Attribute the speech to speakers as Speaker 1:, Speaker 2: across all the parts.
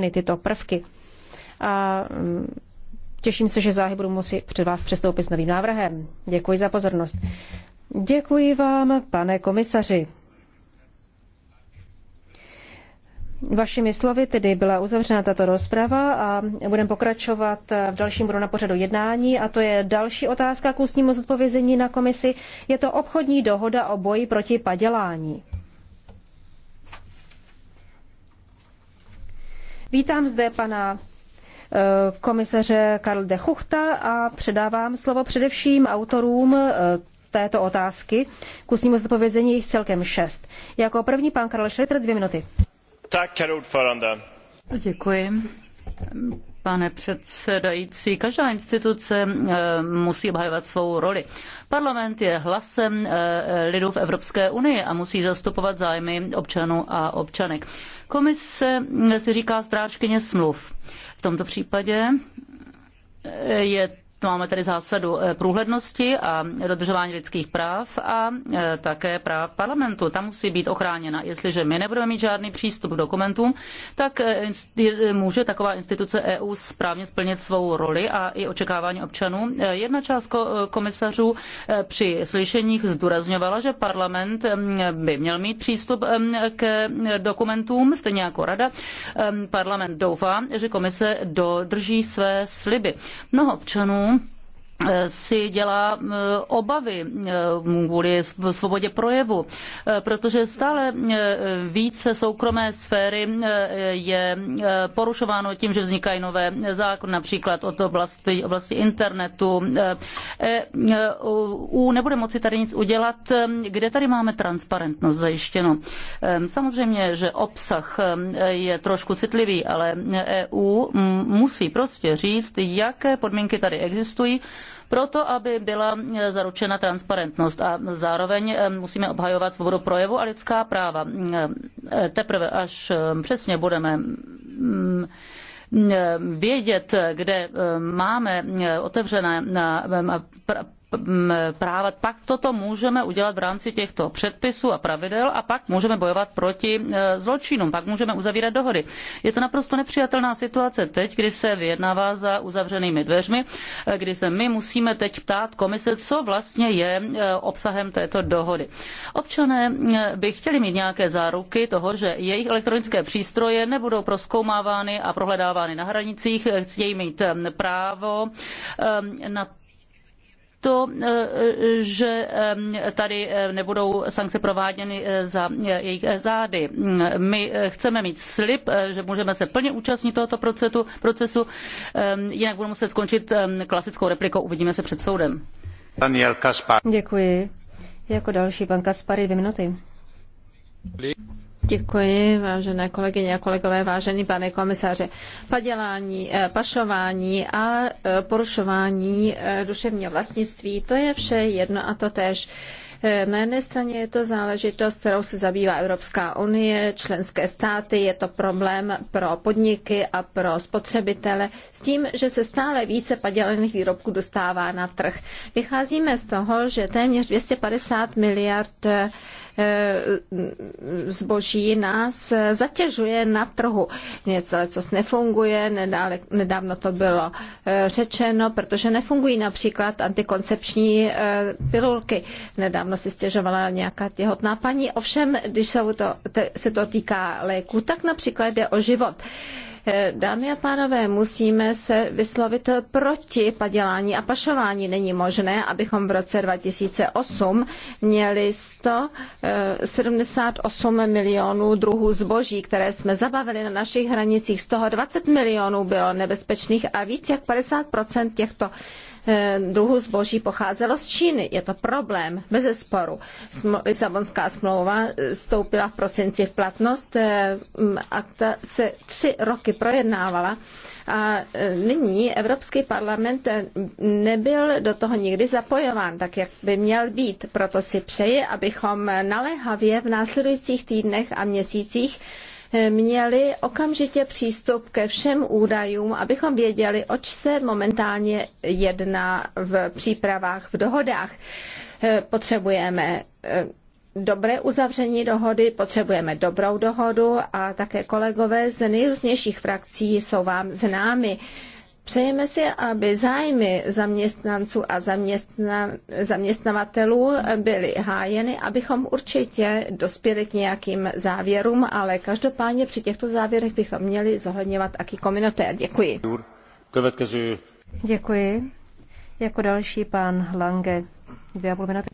Speaker 1: všechny tyto prvky. A mm, těším se, že záhy budu muset před vás přestoupit s novým návrhem. Děkuji za pozornost. Děkuji vám, pane komisaři. Vašimi slovy tedy byla uzavřena tato rozprava a budeme pokračovat v dalším bodu na pořadu jednání a to je další otázka k ústnímu zodpovězení na komisi. Je to obchodní dohoda o boji proti padělání. Vítám zde pana eh, komisaře Karl de Chuchta a předávám slovo především autorům eh, této otázky. K ústnímu zodpovězení jich celkem
Speaker 2: šest. Jako první pan Karl Schlitter, dvě minuty. Tak, Děkuji pane předsedající. Každá instituce eh, musí obhajovat svou roli. Parlament je hlasem eh, lidů v Evropské unii a musí zastupovat zájmy občanů a občanek. Komise eh, si říká strážkyně smluv. V tomto případě je to máme tedy zásadu eh, průhlednosti a dodržování lidských práv a eh, také práv parlamentu. Tam musí být ochráněna. Jestliže my nebudeme mít žádný přístup k dokumentům, tak eh, může taková instituce EU správně splnit svou roli a i očekávání občanů. Jedna část komisařů při slyšeních zdůrazňovala, že parlament by měl mít přístup k dokumentům, stejně jako rada. Parlament doufá, že komise dodrží své sliby. Mnoho občanů si dělá e, obavy e, kvůli svobodě projevu, e, protože stále více soukromé sféry je porušováno tím, že vznikají nové zákony, například od oblasti, oblasti internetu. EU nebude moci tady nic udělat. Kde tady máme transparentnost zajištěno? Samozřejmě, že obsah je trošku citlivý, ale EU musí prostě říct, jaké podmínky tady existují, proto aby byla eh, zaručena transparentnost a zároveň eh, musíme obhajovat svobodu projevu a lidská práva. Eh, teprve až přesně budeme mm, mm, vědět, kde máme otevřené práva, pak toto můžeme udělat v rámci těchto předpisů a pravidel a pak můžeme bojovat proti e, zločinům, pak můžeme uzavírat dohody. Je to naprosto nepřijatelná situace teď, kdy se vyjednává za uzavřenými dveřmi, e, kdy se my musíme teď ptát komise, co vlastně je e, obsahem této dohody. Občané by chtěli mít nějaké záruky toho, že jejich elektronické přístroje nebudou proskoumávány a prohledávány na hranicích, chtějí mít právo na to, eh, že eh, tady eh, nebudou sankce prováděny za jejich zády. Mm, my chceme mít slib, že můžeme se plně účastnit tohoto procesu, procesu jinak budu muset skončit klasickou replikou Uvidíme se před
Speaker 3: soudem.
Speaker 4: Daniel Kaspar.
Speaker 3: Děkuji. Jako další pan Kaspary dvě minuty. Děkuji, vážené kolegyně a kolegové, vážený pane komisáře. Padělání, eh, pašování a eh, porušování eh, duševního vlastnictví, to je vše jedno a to tež. Na jedné straně je to záležitost, kterou se zabývá Evropská unie, členské státy, je to problém pro podniky a pro spotřebitele, s tím, že se stále více padělených výrobků dostává na trh. Vycházíme z toho, že téměř 250 miliard Eh, zboží nás zatěžuje na trhu. Něco, co nefunguje, nedávno to bylo eh, řečeno, protože nefungují například antikoncepční eh, pilulky. Nedávno si stěžovala nějaká těhotná paní, ovšem, když se to, se to týká léku, tak například jde o život. Eh, dámy a pánové, musíme se vyslovit proti padělání a pašování. Není možné, abychom v roce 2008 měli 178 eh, milionů druhů zboží, které jsme zabavili na našich hranicích. Z toho 20 milionů bylo nebezpečných a víc jak 50 těchto eh, druhů zboží pocházelo z Číny. Je to problém, bez sporu. Lisabonská smlouva stoupila v prosinci v platnost. Akta se tři roky roky projednávala. A e, nyní Evropský parlament nebyl do toho nikdy zapojován, tak jak by měl být. Proto si přeji, abychom naléhavě v následujících týdnech a měsících e, měli okamžitě přístup ke všem údajům, abychom věděli, oč se momentálně jedná v přípravách, v dohodách. E, potřebujeme dobré uzavření dohody, potřebujeme dobrou dohodu a také kolegové z nejrůznějších frakcí jsou vám známi. Přejeme si, aby zájmy zaměstnanců a zaměstna, zaměstnavatelů byly hájeny, abychom určitě dospěli k nějakým závěrům, ale každopádně při těchto závěrech bychom měli zohledňovat aký kominoté. Děkuji. Děkuji. Jako další
Speaker 2: pán Lange. Dvě a půl minuty.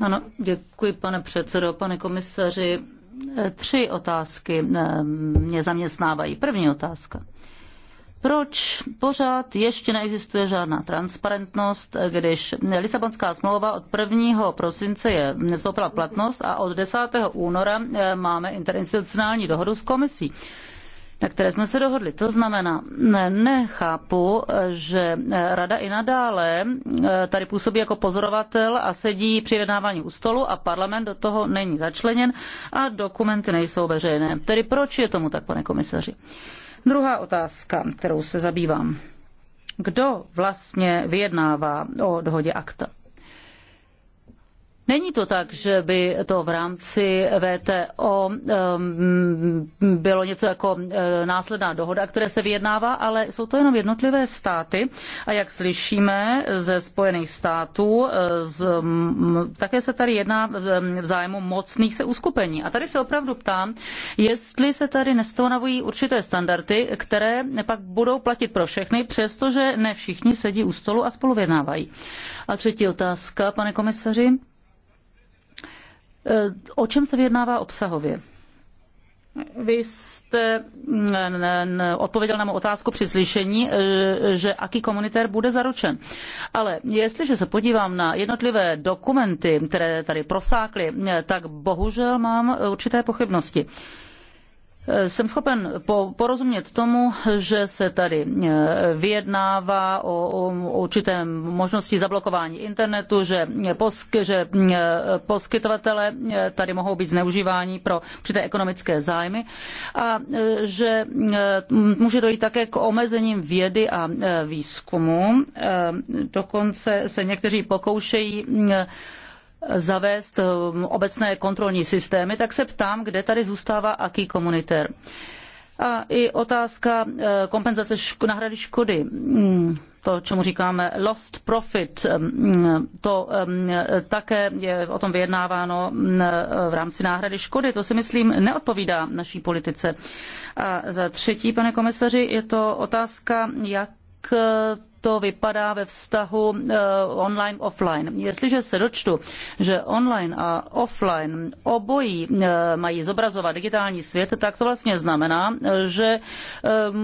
Speaker 2: Ano, děkuji, pane předsedo, pane komisaři. Tři otázky eh, mě zaměstnávají. První otázka proč pořád ještě neexistuje žádná transparentnost, když Lisabonská smlouva od 1. prosince je vstoupila platnost a od 10. února eh, máme interinstitucionální dohodu s komisí na které jsme se dohodli. To znamená, ne, nechápu, že rada i nadále eh, tady působí jako pozorovatel a sedí při jednávání u stolu a parlament do toho není začleněn a dokumenty nejsou veřejné. Tedy proč je tomu tak, pane komisaři? Druhá otázka, kterou se zabývám. Kdo vlastně vyjednává o dohodě akta? Není to tak, že by to v rámci VTO ehm, bylo něco jako eh, následná dohoda, které se vyjednává, ale jsou to jenom jednotlivé státy a jak slyšíme ze Spojených států, eh, z, také se tady jedná v zájmu mocných se uskupení. A tady se opravdu ptám, jestli se tady nestanovují určité standardy, které pak budou platit pro všechny, přestože ne všichni sedí u stolu a spolu vyjednávají. A třetí otázka, pane komisaři. Eh, o čem se vyjednává obsahově? Vy jste mm, odpověděl na mou otázku při slyšení, eh, že aký komunitér bude zaručen. Ale jestliže se podívám na jednotlivé dokumenty, které tady prosákly, eh, tak bohužel mám určité pochybnosti. Eh, jsem schopen porozumět tomu, že se tady eh, vyjednává o, o, určité možnosti zablokování internetu, že, eh, poskytovatelé že poskytovatele tady mohou být zneužíváni pro určité ekonomické zájmy a že může dojít také k omezením vědy a výzkumu. Dokonce se někteří pokoušejí zavést um, obecné kontrolní systémy, tak se ptám, kde tady zůstává aký komunitér. A i otázka eh, kompenzace náhrady škody, hmm, to, čemu říkáme lost profit, eh, hmm, to eh, hmm, také je o tom vyjednáváno v rámci náhrady škody. To si myslím neodpovídá naší politice. A za třetí, pane komisaři, je to otázka, jak jak eh, to vypadá ve vztahu eh, online offline. Jestliže se dočtu, že online a offline obojí eh, mají zobrazovat digitální svět, tak to vlastně znamená, že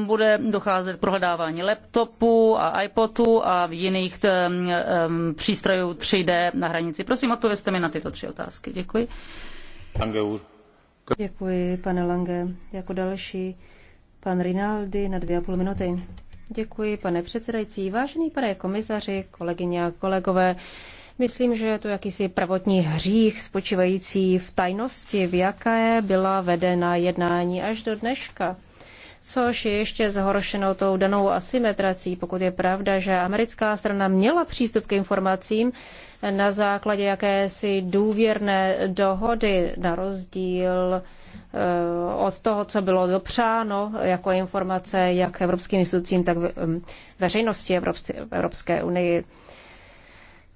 Speaker 2: bude docházet k prohledávání laptopů a iPodů a jiných přístrojů 3D na hranici. Prosím, odpovězte mi na tyto tři otázky. Děkuji. Děkuji, pane
Speaker 1: Lange. Jako další pan Rinaldi na dvě a půl minuty. Děkuji, pane předsedající. Vážený pane komisaři, kolegyně a kolegové, Myslím, že je to jakýsi prvotní hřích spočívající v tajnosti, v jaké byla vedena jednání až do dneška. Což je ještě zhoršeno tou danou asymetrací, pokud je pravda, že americká strana měla přístup k informacím na základě jakési důvěrné dohody, na rozdíl Eh, od toho, co bylo dopřáno jako informace jak evropským institucím, tak veřejnosti Evropské unii.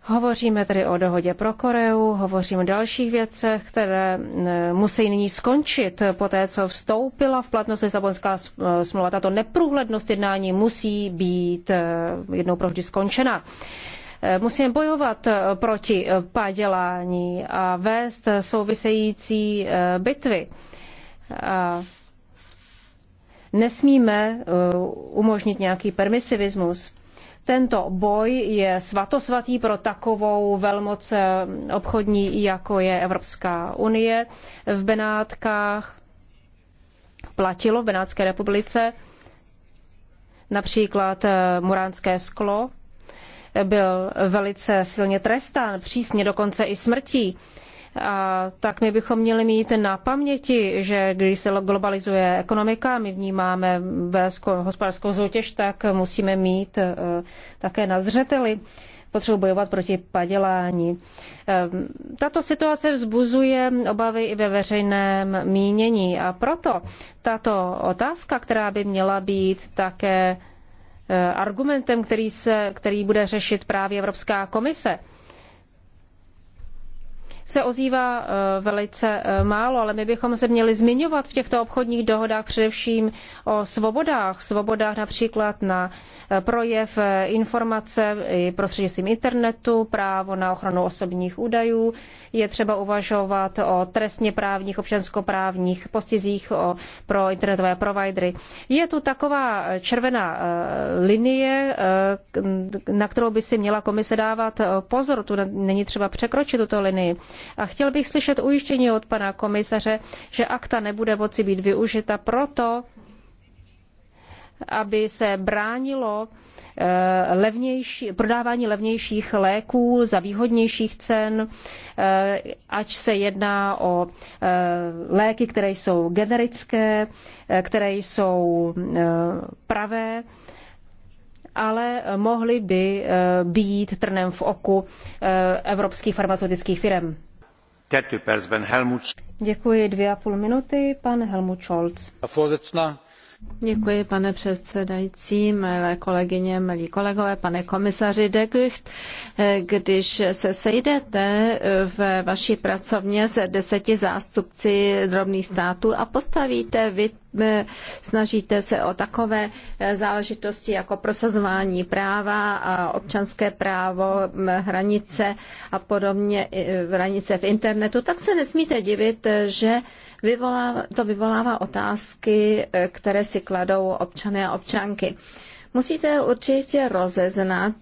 Speaker 1: Hovoříme tedy o dohodě pro Koreu, hovoříme o dalších věcech, které eh, musí nyní skončit po té, co vstoupila v platnost Lisabonská eh, smlouva. Tato neprůhlednost jednání musí být jednou vždy skončena. Musíme bojovat proti padělání a vést související bitvy. A nesmíme uh, umožnit nějaký permisivismus. Tento boj je svatosvatý pro takovou velmoc eh, obchodní, jako je Evropská unie v Benátkách. Platilo v Benátské republice například eh, muránské sklo, byl velice silně trestán, přísně dokonce i smrtí a tak my bychom měli mít na paměti, že když se globalizuje ekonomika, my vnímáme hospodářskou soutěž, tak musíme mít e, také na zřeteli potřebu bojovat proti padělání. Ehm, tato situace vzbuzuje obavy i ve veřejném mínění a proto tato otázka, která by měla být také e, argumentem, který, se, který bude řešit právě Evropská komise, se ozývá eh, velice eh, málo, ale my bychom se měli zmiňovat v těchto obchodních dohodách především o svobodách, svobodách například na eh, projev informace prostřednictvím internetu, právo na ochranu osobních údajů. Je třeba uvažovat o trestně právních, občanskoprávních postizích o, pro internetové providery. Je tu taková červená linie, na kterou by si měla komise dávat pozor. Tu není třeba překročit tuto linii. A chtěl bych slyšet ujištění od pana komisaře, že akta nebude moci být využita proto, aby se bránilo eh, levnější, prodávání levnějších léků za výhodnějších cen, eh, ať se jedná o eh, léky, které jsou generické, které jsou pravé ale mohly by eh, být trnem v oku eh, evropských farmaceutických
Speaker 3: firm. Děkuji dvě a půl minuty, pan Helmut Scholz. Děkuji, pane předsedající, milé kolegyně, milí kolegové, pane komisaři de Gucht. Eh, když se sejdete v vaší pracovně se deseti zástupci drobných států a postavíte vy Eh, snažíte se o takové eh, záležitosti jako prosazování práva a občanské právo, hranice a podobně, eh, hranice v internetu, tak se nesmíte divit, že to vyvolává otázky, které si kladou občané a občanky. Musíte určitě rozeznat,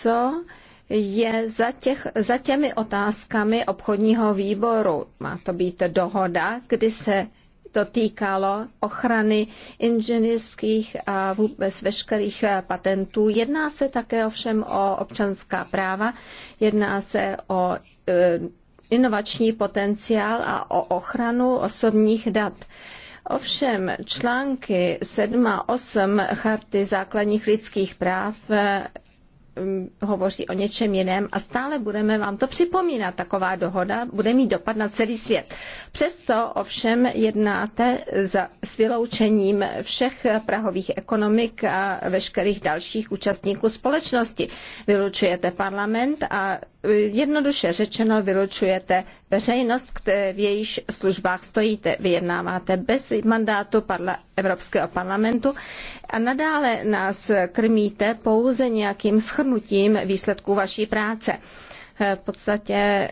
Speaker 3: co je za, těch, za těmi otázkami obchodního výboru. Má to být dohoda, kdy se to týkalo ochrany inženýrských a vůbec veškerých eh, patentů. Jedná se také ovšem o občanská práva, jedná se o eh, inovační potenciál a o ochranu osobních dat. Ovšem články 7 a 8 Charty základních lidských práv eh, Mm, hovoří o něčem jiném a stále budeme vám to připomínat. Taková dohoda bude mít dopad na celý svět. Přesto ovšem jednáte za, s vyloučením všech prahových ekonomik a veškerých dalších účastníků společnosti. Vylučujete parlament a jednoduše řečeno vylučujete veřejnost, v jejíž službách stojíte. Vyjednáváte bez mandátu parla- Evropského parlamentu a nadále nás krmíte pouze nějakým schrnutím výsledků vaší práce. V podstatě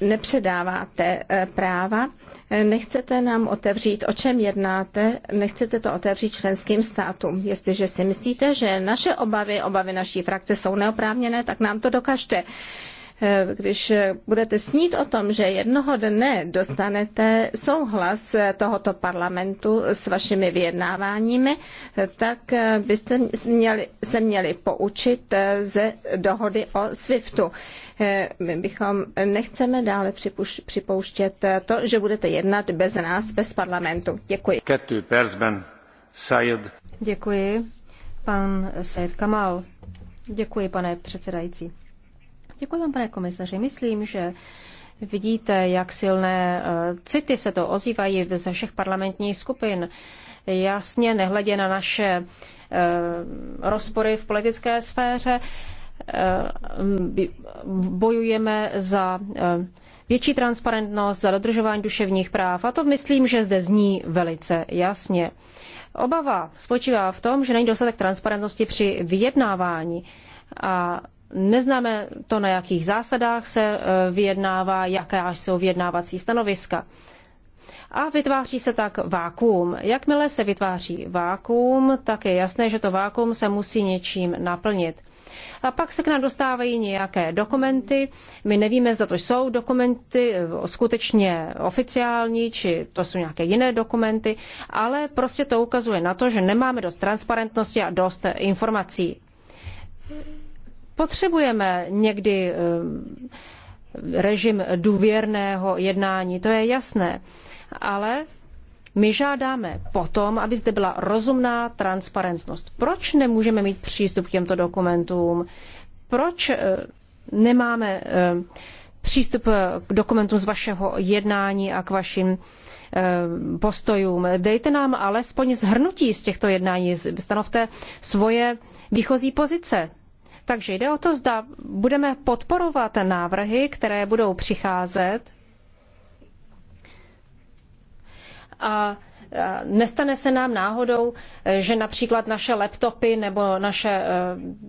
Speaker 3: nepředáváte eh, práva, eh, nechcete nám otevřít, o čem jednáte, nechcete to otevřít členským státům. Jestliže si myslíte, že naše obavy, obavy naší frakce jsou neoprávněné, tak nám to dokažte. Eh, když eh, budete snít o tom, že jednoho dne dostanete souhlas eh, tohoto parlamentu s vašimi vyjednáváními, tak byste měli, se měli poučit ze dohody o SWIFTu. My bychom nechceme dále připuš, připouštět to, že budete jednat bez nás, bez parlamentu. Děkuji. Děkuji. Pan Said Kamal. Děkuji, pane předsedající. Děkuji
Speaker 1: vám, pane komisaři. Myslím, že vidíte, jak silné eh, city se to ozývají ze všech parlamentních skupin. Jasně, nehledě na naše eh, rozpory v politické sféře, eh, bojujeme za větší transparentnost, za dodržování duševních práv. A to myslím, že zde zní velice jasně. Obava spočívá v tom, že není dostatek transparentnosti při vyjednávání. A neznáme to, na jakých zásadách se eh, vyjednává, jaká jsou vyjednávací stanoviska. A vytváří se tak vákuum. Jakmile se vytváří vákuum, tak je jasné, že to vákuum se musí něčím naplnit. A pak se k nám dostávají nějaké dokumenty. My nevíme, zda to jsou dokumenty eh, skutečně oficiální, či to jsou nějaké jiné dokumenty, ale prostě to ukazuje na to, že nemáme dost transparentnosti a dost eh, informací. Potřebujeme někdy eh, režim důvěrného jednání, to je jasné, ale my žádáme potom, aby zde byla rozumná transparentnost. Proč nemůžeme mít přístup k těmto dokumentům? Proč eh, nemáme eh, přístup k dokumentům z vašeho jednání a k vašim postojům. Dejte nám alespoň zhrnutí z těchto jednání, stanovte svoje výchozí pozice. Takže jde o to, zda budeme podporovat návrhy, které budou přicházet a nestane se nám náhodou, že například naše laptopy nebo naše e,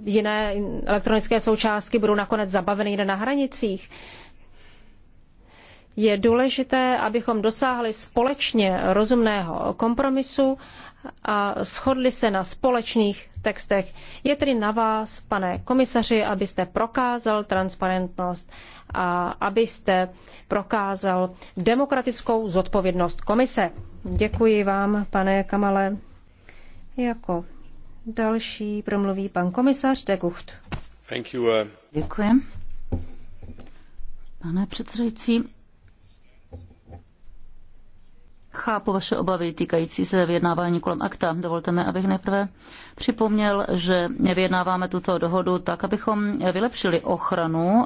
Speaker 1: jiné elektronické součástky budou nakonec zabaveny jde na hranicích. Je důležité, abychom dosáhli společně rozumného kompromisu a shodli se na společných textech. Je tedy na vás, pane komisaři, abyste prokázal transparentnost a abyste prokázal demokratickou zodpovědnost komise. Děkuji vám, pane Kamale. Jako další promluví pan komisař de Gucht. Thank you, uh... Děkuji.
Speaker 2: Pane předsedající, Chápu vaše obavy týkající se vyjednávání kolem akta. Dovolte mi, abych nejprve připomněl, že vyjednáváme tuto dohodu tak, abychom vylepšili ochranu um,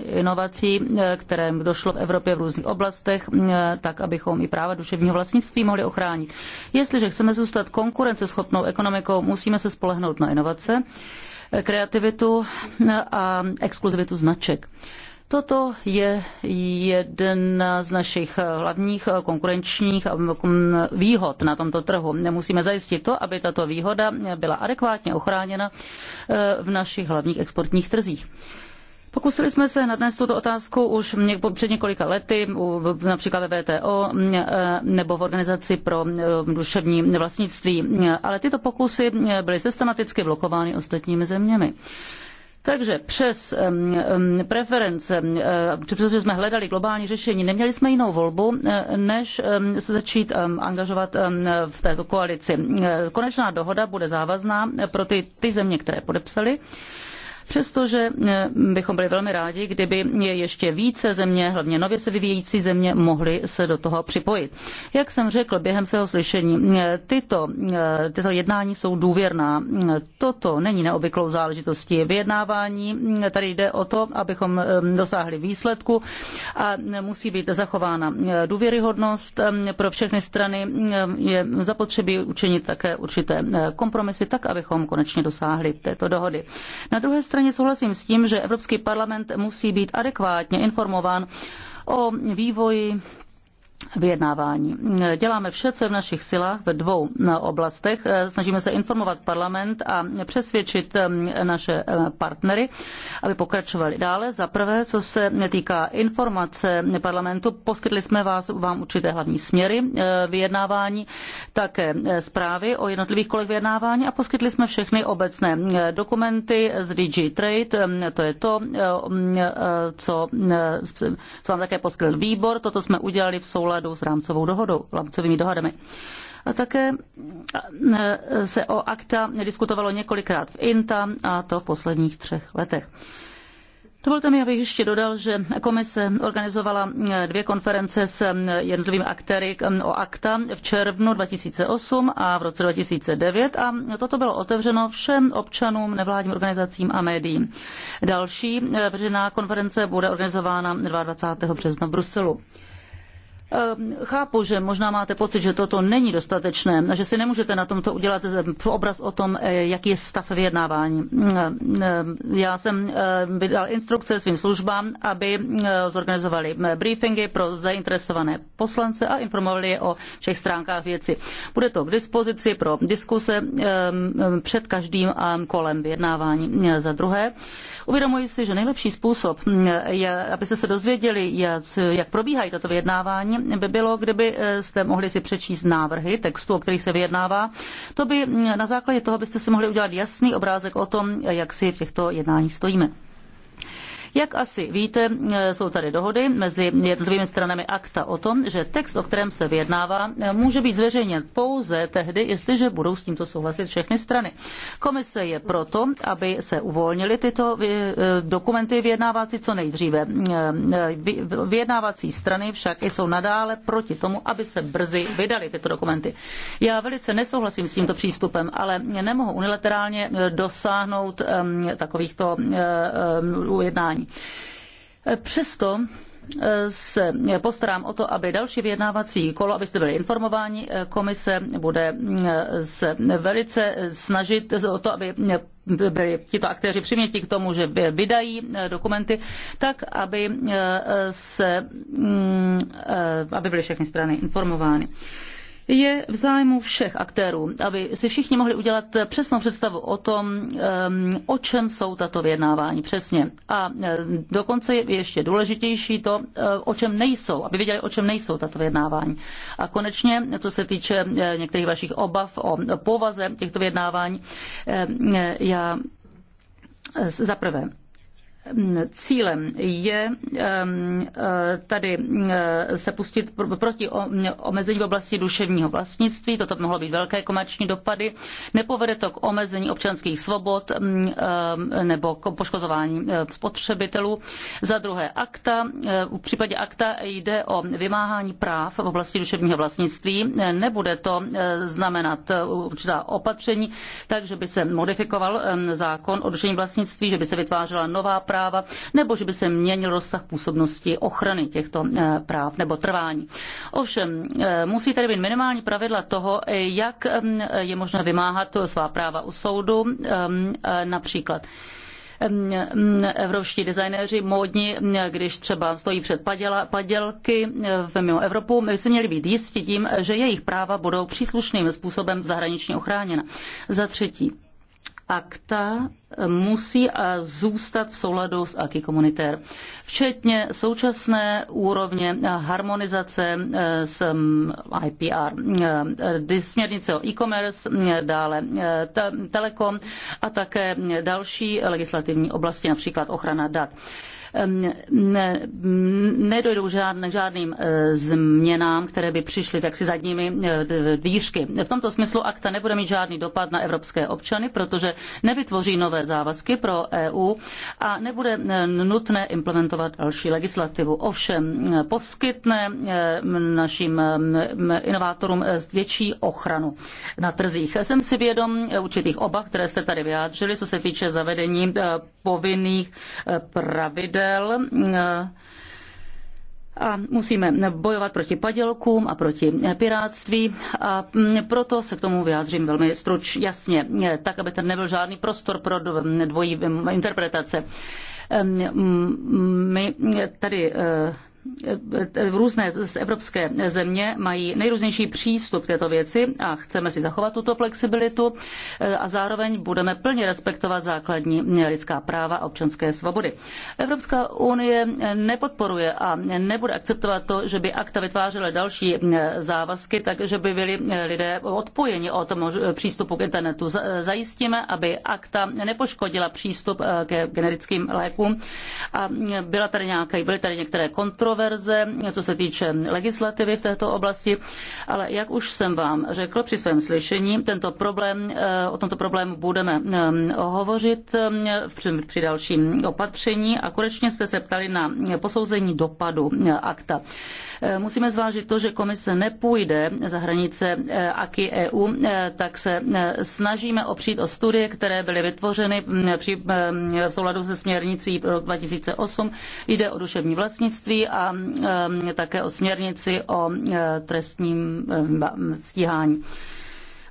Speaker 2: inovací, které došlo v Evropě v různých oblastech, um, tak, abychom i práva duševního vlastnictví mohli ochránit. Jestliže chceme zůstat konkurenceschopnou ekonomikou, musíme se spolehnout na inovace, kreativitu a exkluzivitu značek. Toto je jedna z našich hlavních konkurenčních výhod na tomto trhu. Musíme zajistit to, aby tato výhoda byla adekvátně ochráněna eh, v našich hlavních exportních trzích. Pokusili jsme se nadnést tuto otázku už před několika lety, například ve VTO eh, nebo v Organizaci pro eh, duševní vlastnictví, ale tyto pokusy byly systematicky blokovány ostatními zeměmi. Takže přes preference, eh, že jsme hledali globální řešení, neměli jsme jinou volbu, eh, než se začít angažovat v této koalici. Eh, konečná dohoda bude závazná pro ty, ty země, které podepsaly. Přestože eh, bychom byli velmi rádi, kdyby ještě více země, hlavně nově se vyvíjející země, mohly se do toho připojit. Jak jsem řekl během svého slyšení, eh, tyto, eh, tyto jednání jsou důvěrná. Toto není neobvyklou záležitostí vyjednávání. Mm, tady jde o to, abychom dosáhli výsledku a musí být zachována důvěryhodnost pro všechny strany. Je zapotřebí učinit také určité kompromisy, tak abychom konečně dosáhli této dohody. Na druhé straně straně souhlasím s tím, že Evropský parlament musí být adekvátně informován o vývoji vyjednávání. Děláme vše, co je v našich silách ve dvou oblastech. Snažíme se informovat parlament a přesvědčit um, naše uh, partnery, aby pokračovali dále. Za prvé, co se týká informace parlamentu, poskytli jsme vás, vám určité hlavní směry uh, vyjednávání, také uh, zprávy o jednotlivých kolech vyjednávání a poskytli jsme všechny obecné dokumenty z DG Trade, um, to je to, um, co, co vám také poskytl výbor, toto jsme udělali v souladu souladu s rámcovou dohodou, rámcovými dohodami. A také eh, se o akta diskutovalo několikrát v INTA a to v posledních třech letech. Dovolte mi, abych ještě dodal, že komise organizovala eh, dvě konference s eh, jednotlivými aktéry o akta v červnu 2008 a v roce 2009 a toto bylo otevřeno všem občanům, nevládním organizacím a médiím. Další veřejná konference bude organizována 22. března v Bruselu. Ehm, chápu, že možná máte pocit, že toto není dostatečné, že si nemůžete na tomto udělat eh, obraz o tom, eh, jaký je stav vyjednávání. Mm, ehm, ehm, já jsem vydal instrukce svým službám, aby eh, zorganizovali briefingy pro zainteresované poslance a informovali je o všech stránkách věci. Bude to k dispozici pro diskuse před každým kolem vyjednávání. Za druhé, uvědomuji si, že nejlepší způsob, mm, je, abyste se dozvěděli, jak probíhají tato vyjednávání, by bylo, kdyby eh, jste mohli si přečíst návrhy textu, o kterých se vyjednává. To by mm, na základě toho byste si mohli udělat jasný obrázek o tom, jak si v těchto jednáních stojíme. Jak asi víte, eh, jsou tady dohody mezi jednotlivými stranami akta o tom, že text, o kterém se vyjednává, eh, může být zveřejněn pouze tehdy, jestliže budou s tímto souhlasit všechny strany. Komise je proto, aby se uvolnily tyto eh, dokumenty vyjednávací co nejdříve. Vyjednávací strany však jsou nadále proti tomu, aby se brzy vydaly tyto dokumenty. Já velice nesouhlasím s tímto přístupem, ale nemohu unilaterálně dosáhnout ehm, takovýchto ehm, ujednání. Přesto eh, se postarám o to, aby další vyjednávací kolo, abyste byli informováni, eh, komise bude mm, se velice snažit o to, aby mm, byli tito aktéři přiměti k tomu, že vydají eh, dokumenty, tak aby, se, mm, aby byly všechny strany informovány. Je v zájmu všech aktérů, aby si všichni mohli udělat přesnou představu o tom, ehm, o čem jsou tato vyjednávání přesně. A e, dokonce je ještě důležitější to, e, o čem nejsou, aby věděli, o čem nejsou tato vyjednávání. A konečně, co se týče e, některých vašich obav o povaze těchto vyjednávání, ehm, já za prvé, cílem je eh, tady se pustit proti omezení v oblasti duševního vlastnictví. Toto mohlo být velké komerční dopady. Nepovede to k omezení občanských svobod nebo k poškozování eh, spotřebitelů. Za druhé akta. Eh, v případě akta jde o vymáhání práv v oblasti duševního vlastnictví. Nebude to znamenat určitá opatření, takže by se modifikoval zákon o duševním vlastnictví, že by se vytvářela nová práva práva, nebo že by se měnil rozsah působnosti ochrany těchto eh, práv nebo trvání. Ovšem, eh, musí tady být minimální pravidla toho, jak mm, je možné vymáhat svá práva u soudu, ehm, eh, například ehm, mm, evropští designéři módní, mm, když třeba stojí před paděla, padělky v mimo Evropu, by se měli být jisti tím, že jejich práva budou příslušným způsobem zahraničně ochráněna. Za třetí, akta musí a eh, zůstat v souladu s acquis communautaire, včetně současné úrovně harmonizace eh, s mm, IPR, eh, směrnice o e-commerce, mm, dále telekom a také další legislativní oblasti, například ochrana dat. Ehm, nedojdou žádný, žádným e, změnám, které by přišly si zadními e, dvířky. V tomto smyslu akta nebude mít žádný dopad na evropské občany, protože nevytvoří nové závazky pro EU a nebude e, nutné implementovat další legislativu. Ovšem poskytne našim inovátorům větší ochranu na trzích. Jsem si vědom určitých obav, které jste tady vyjádřili, co se týče zavedení povinných eh, pravidel eh, a musíme bojovat proti padělkům a proti eh, pirátství a mm, proto se k tomu vyjádřím velmi struč jasně, tak, aby tam nebyl žádný prostor pro dvojí mm, interpretace. Mm, my tady různé z evropské země mají nejrůznější přístup k této věci a chceme si zachovat tuto flexibilitu eh, a zároveň budeme plně respektovat základní lidská práva a občanské svobody. Evropská unie nepodporuje a nebude akceptovat to, že by akta vytvářela další eh, závazky, takže by byli eh, lidé odpojeni od přístupu k internetu. Zajistíme, aby akta nepoškodila přístup ke generickým lékům a byla tady nějaké, byly tady některé kontroly, kontroverze, co se týče legislativy v této oblasti, ale jak už jsem vám řekl při svém slyšení, tento problém, eh, o tomto problému budeme eh, hovořit eh, při dalším opatření a konečně jste se ptali na posouzení dopadu akta. Musíme zvážit to, že komise nepůjde za hranice AKI EU, tak se snažíme opřít o studie, které byly vytvořeny hm, při, v souladu se směrnicí 2008. Jde o duševní vlastnictví a E, také o směrnici o e, trestním e, stíhání.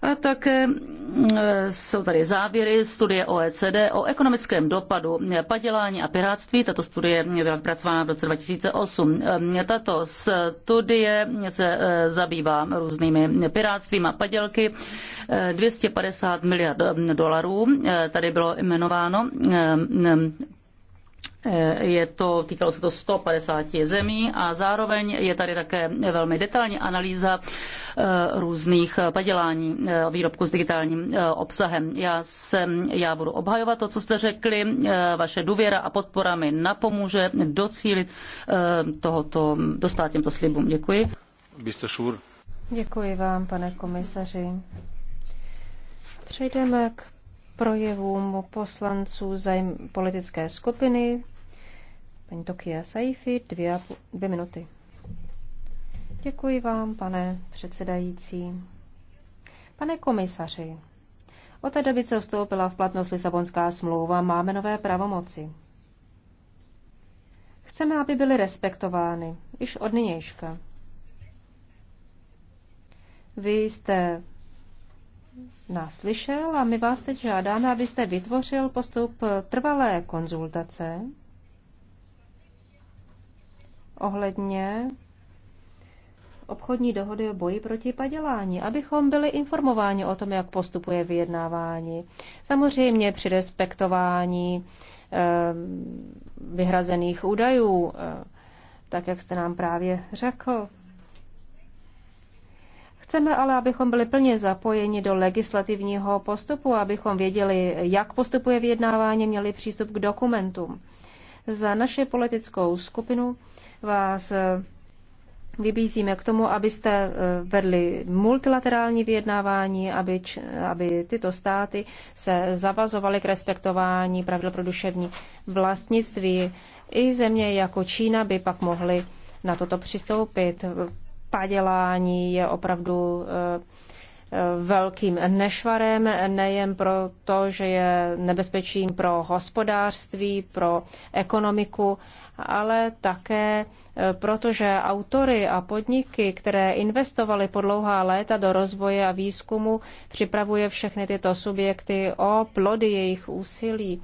Speaker 2: A také jsou tady závěry studie OECD o ekonomickém dopadu padělání a pirátství. Tato studie byla vypracována v roce 2008. Tato studie se zabývá různými pirátstvím a padělky. 250 miliard dolarů tady bylo jmenováno Eh, je to, týkalo se to 150 zemí a zároveň je tady také velmi detailní analýza eh, různých padělání eh, výrobků s digitálním obsahem. Já, jsem, já budu obhajovat to, co jste řekli. Vaše důvěra a podpora mi napomůže docílit tohoto, dostat těmto slibům. Děkuji.
Speaker 1: Děkuji vám, pane komisaři. Přejdeme k projevům poslanců za politické skupiny. Paní Tokia Saifi, dvě, dvě minuty. Děkuji vám, pane předsedající. Pane komisaři, od té doby, co vstoupila v platnost Lisabonská smlouva, máme nové pravomoci. Chceme, aby byly respektovány, již od nynějška. Vy jste nás slyšel a my vás teď žádáme, abyste vytvořil postup trvalé konzultace ohledně obchodní dohody o boji proti padělání, abychom byli informováni o tom, jak postupuje vyjednávání. Samozřejmě při respektování ehm, vyhrazených údajů, eh, tak jak jste nám právě řekl. Chceme ale, abychom byli plně zapojeni do legislativního postupu, abychom věděli, jak postupuje vyjednávání, měli přístup k dokumentům. Za naše politickou skupinu vás eh, vybízíme k tomu, abyste eh, vedli multilaterální vyjednávání, aby, č, aby tyto státy se zavazovaly k respektování pravidel pro duševní vlastnictví. I země jako Čína by pak mohly na toto přistoupit padělání je opravdu eh, eh, velkým nešvarem, nejen proto, že je nebezpečím pro hospodářství, pro ekonomiku, ale také eh, proto, že autory a podniky, které investovaly po dlouhá léta do rozvoje a výzkumu, připravuje všechny tyto subjekty o plody jejich úsilí.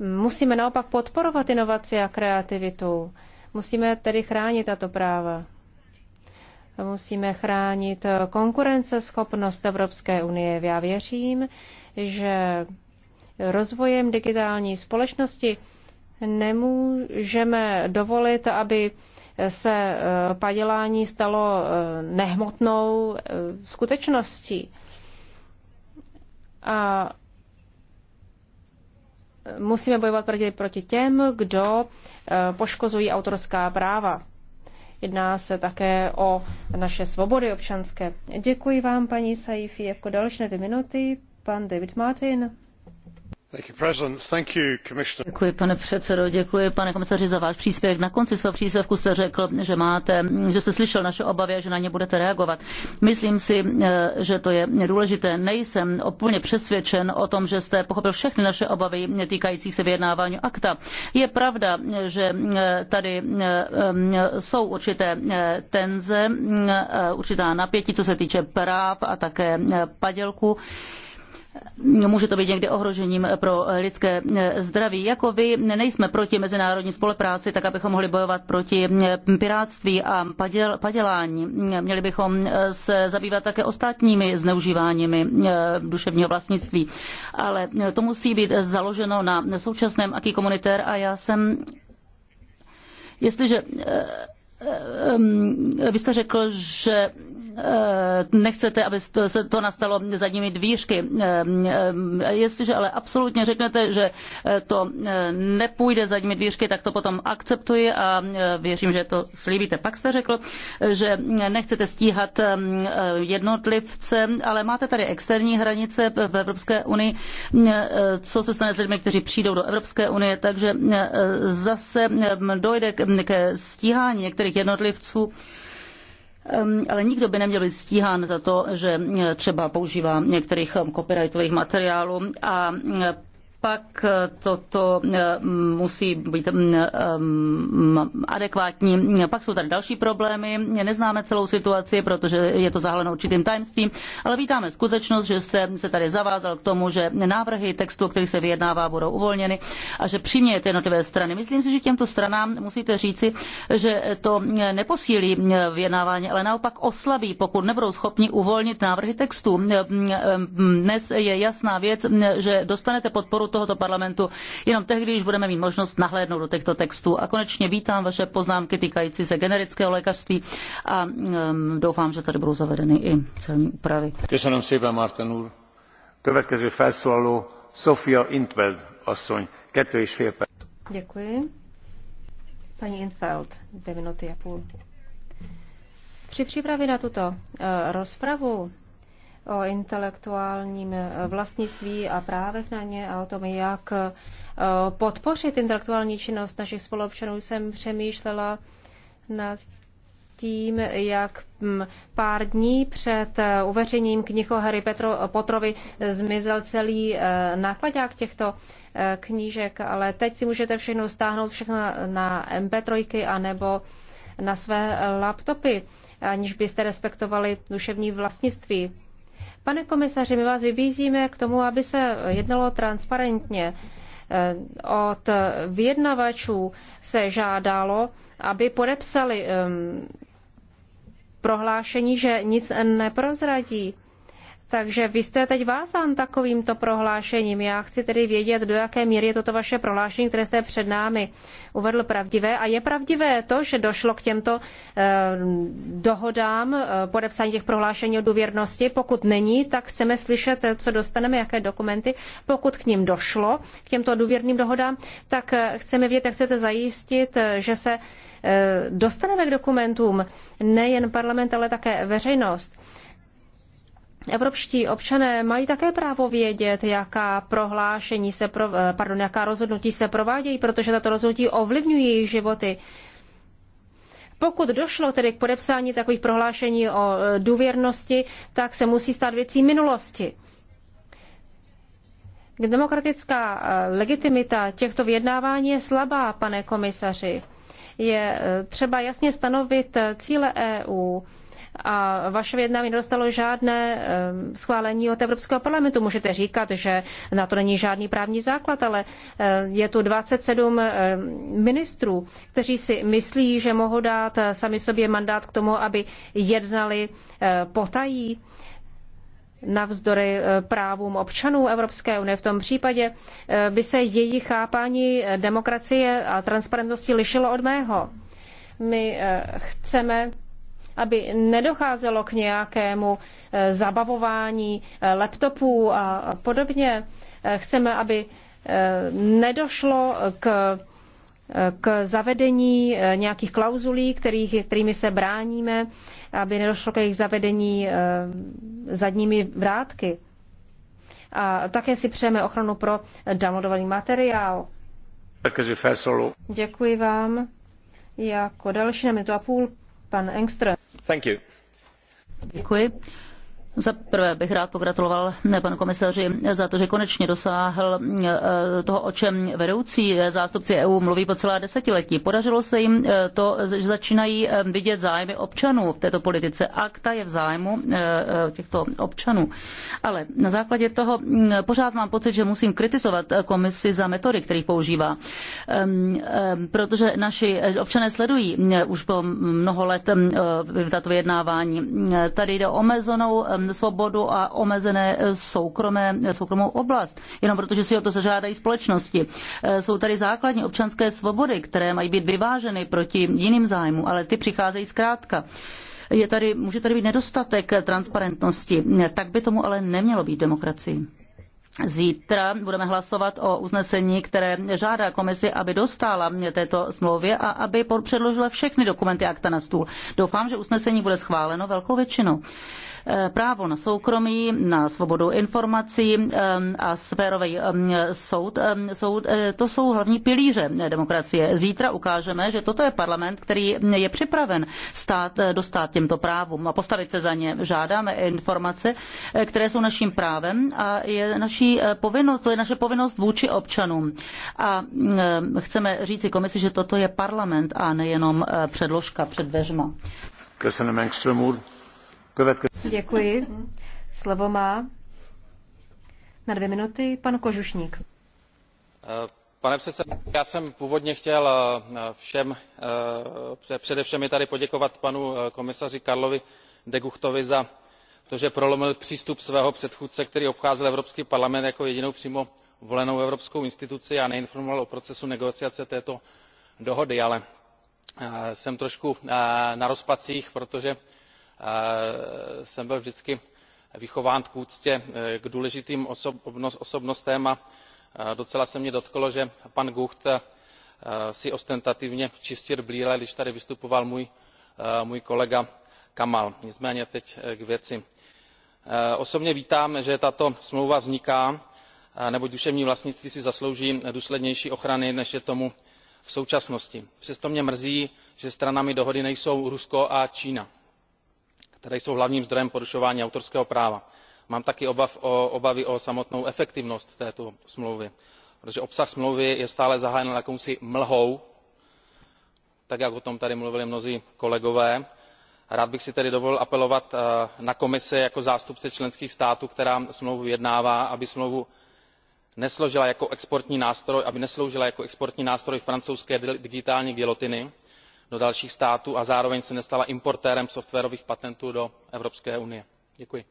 Speaker 1: Musíme naopak podporovat inovaci a kreativitu. Musíme tedy chránit tato práva musíme chránit konkurenceschopnost Evropské unie. Já věřím, že rozvojem digitální společnosti nemůžeme dovolit, aby se e, padělání stalo e, nehmotnou e, skutečností. A musíme bojovat proti těm, kdo poškozují autorská práva. Jedná se také o naše svobody občanské. Děkuji vám, paní Saifi. Jako další dvě minuty, pan David Martin.
Speaker 2: Děkuji, pane předsedo, děkuji, pane komisaři, za váš příspěvek. Na konci svého příspěvku jste řekl, že máte, že jste slyšel naše obavy a že na ně budete reagovat. Myslím si, eh, že to je důležité. Nejsem úplně přesvědčen o tom, že jste pochopil všechny naše obavy týkající se vyjednávání akta. Je pravda, že eh, tady eh, jsou určité tenze, určitá napětí, co se týče práv a také padělku může to být někdy ohrožením pro lidské eh, zdraví. Jako vy nejsme proti mezinárodní spolupráci, tak abychom mohli bojovat proti eh, piráctví a padělání. Měli bychom eh, se zabývat také ostatními zneužíváními duševního vlastnictví. Ale to musí být založeno na současném aký komunitér a já jsem jestliže mm, vy jste řekl, že Eh, nechcete, aby se to nastalo zadními dvířky. Eh, eh, jestliže ale absolutně řeknete, že to nepůjde zadními dvířky, tak to potom akceptuji a věřím, že to slíbíte. Pak jste řekl, že nechcete stíhat jednotlivce, ale máte tady externí hranice v Evropské unii. Co se stane s lidmi, kteří přijdou do Evropské unie, takže zase dojde ke stíhání některých jednotlivců. Ehm, ale nikdo by neměl být stíhán za to, že eh, třeba používá některých ehm, copyrightových materiálů a eh, pak eh, toto eh, musí být mm, eh, adekvátní. Pak jsou tady další problémy, neznáme celou situaci, protože je to zahaleno určitým tajemstvím, ale vítáme skutečnost, že jste se tady zavázal k tomu, že návrhy textu, který se vyjednává, budou uvolněny a že přimějete jednotlivé strany. Myslím si, že těmto stranám musíte říci, že to neposílí vyjednávání, ale naopak oslabí, pokud nebudou schopni uvolnit návrhy textu. Dnes je jasná věc, že dostanete podporu tohoto parlamentu jenom tehdy, když budeme mít možnost nahlédnout do těchto textů. A konečně vítám vaše poznámky týkající se generického lékařství a um, doufám, že tady budou zavedeny i celní úpravy.
Speaker 4: Sofia Intveld asszony, kettő és fél perc.
Speaker 1: Děkuji. Paní Infeld, dvě minuty a půl. Při přípravě na tuto uh, rozpravu o intelektuálním eh, vlastnictví a právech na ně a o tom, jak eh, podpořit intelektuální činnost našich spolupčanů, jsem přemýšlela nad tím, jak hm, pár dní před eh, uveřením knih o Harry Petro, Potrovi zmizel celý nákladák těchto knížek, ale teď si můžete všechno stáhnout všechno na MP3 nebo na své laptopy, aniž byste respektovali duševní vlastnictví. Pane komisaři, my vás vybízíme k tomu, aby se jednalo transparentně. Eh, od vyjednavačů se žádalo, aby podepsali ehm, prohlášení, že nic neprozradí. Takže vy jste teď vázán takovýmto prohlášením. Já chci tedy vědět, do jaké míry je toto vaše prohlášení, které jste před námi uvedl pravdivé. A je pravdivé to, že došlo k těmto eh, dohodám, eh, podepsání těch prohlášení o důvěrnosti. Pokud není, tak chceme slyšet, eh, co dostaneme, jaké dokumenty. Pokud k ním došlo, k těmto důvěrným dohodám, tak eh, chceme vědět, jak chcete zajistit, eh, že se eh, dostaneme k dokumentům nejen parlament, ale také veřejnost. Eh, Evropští občané mají také právo vědět, jaká prohlášení se pro, eh, pardon, jaká rozhodnutí se provádějí, protože tato rozhodnutí ovlivňují jejich životy. Pokud došlo tedy k podepsání takových prohlášení o eh, důvěrnosti, tak se musí stát věcí minulosti. Demokratická eh, legitimita těchto vyjednávání je slabá, pane komisaři. Je třeba jasně stanovit cíle EU a vaše vyjednávání nedostalo žádné eh, schválení od Evropského parlamentu. Můžete říkat, že na to není žádný právní základ, ale eh, je tu 27 eh, ministrů, kteří si myslí, že mohou dát sami sobě mandát k tomu, aby jednali potají navzdory právům občanů Evropské unie. V tom případě by se jejich chápání demokracie a transparentnosti lišilo od mého. My chceme aby nedocházelo k nějakému eh, zabavování eh, laptopů a podobně. Eh, chceme, aby nedošlo k, k zavedení nějakých klauzulí, kterých, kterými se bráníme, aby nedošlo k jejich zavedení zadními vrátky. A také si přejeme ochranu pro downloadovaný materiál. Děkuji vám.
Speaker 2: Jako další na minutu a půl Pan Engström. Děkuji za prvé bych rád pogratuloval eh, panu komisaři za to, že konečně dosáhl eh, toho, o čem vedoucí eh, zástupci EU mluví po celá desetiletí. Podařilo se jim to, že začínají vidět zájmy občanů v této politice. Akta je v zájmu těchto občanů. Ale na základě toho hm, pořád mám pocit, že musím kritizovat komisi za metody, kterých používá. Ehm, ehm, protože naši občané sledují hm, už po mnoho let hm, tato vyjednávání. Tady jde o omezenou svobodu a omezené eh, soukromé, eh, soukromou oblast, jenom protože si o to zažádají společnosti. Eh, jsou tady základní občanské svobody, které mají být vyváženy proti jiným zájmům, ale ty přicházejí zkrátka. Je tady, může tady být nedostatek transparentnosti. Tak by tomu ale nemělo být demokracii. Zítra budeme hlasovat o usnesení, které žádá komisi, aby dostala této smlouvě a aby předložila všechny dokumenty akta na stůl. Doufám, že usnesení bude schváleno velkou většinou právo na soukromí, na svobodu informací a sférový soud, soud, e, to jsou hlavní pilíře demokracie. Zítra ukážeme, že toto je parlament, který je připraven stát, e, dostat těmto právům a postavit se za ně. Žádáme informace, e, které jsou naším právem a je naší povinnost, to je naše povinnost vůči občanům. A chceme říci komisi, že toto je parlament a nejenom předložka před dveřma.
Speaker 3: Köszönöm, Engström úr.
Speaker 2: Děkuji. Slovo má na dvě minuty pan Kožušník.
Speaker 4: Pane předsedající, já jsem původně chtěl eh, všem, eh, především mi tady poděkovat panu eh, komisaři Karlovi de Guchtovi za to, že prolomil přístup svého předchůdce, který obcházel Evropský parlament jako jedinou přímo volenou evropskou instituci a neinformoval o procesu negociace této dohody. Ale jsem trošku na rozpacích, protože Eh, jsem byl vždycky vychován k úctě eh, k důležitým osobnostem a eh, docela se mě dotklo že pan gucht si ostentativně čistil brýle když tady vystupoval můj kolega kamall. nicméně teď k věci. osobně vítám že tato smlouva vzniká neboť duševní vlastnictví si zaslouží důslednější ochrany než je tomu v současnosti. přesto mě mrzí že stranami dohody nejsou rusko a čína které jsou hlavním zdrojem porušování autorského práva. mám také obavy o samotnou efektivnost této smlouvy protože obsah smlouvy je stále zahalen jakousi mlhou tak jak o tom tady mluvili mnozí kolegové. rád bych si tedy dovolil apelovat eh, na komisi jako zástupce členských států která smlouvu vyjednává aby smlouvu nesložila jako exportní nástroj aby nesloužila jako exportní nástroj francouzské digitální gilotiny do dalších států a zároveň se nestala importérem softwarových patentů do evropské unie. děkuji.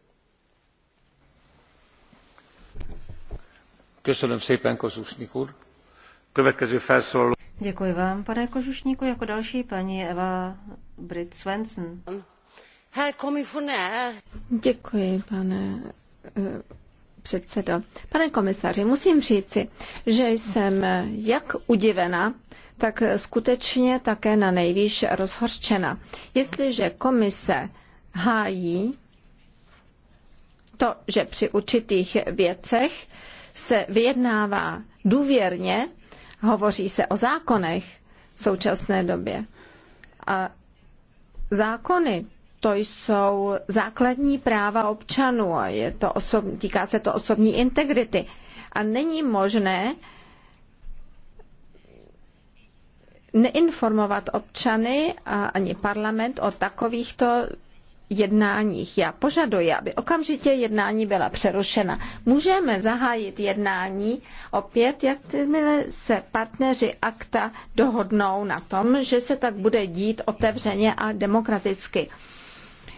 Speaker 1: děkuji vám pane kožušníku. jako další paní eva britt svensson.
Speaker 3: děkuji pane eh, předsedo. Pane komisaři, musím říci, že jsem jak udivena, tak skutečně také na nejvýš rozhorčena. Jestliže komise hájí to, že při určitých věcech se vyjednává důvěrně, hovoří se o zákonech v současné době. A zákony to jsou základní práva občanů, je to osob, týká se to osobní integrity. A není možné, neinformovat občany a ani parlament o takovýchto jednáních. Já požaduji, aby okamžitě jednání byla přerušena. Můžeme zahájit jednání opět, jakmile se partneři akta dohodnou na tom, že se tak bude dít otevřeně a demokraticky.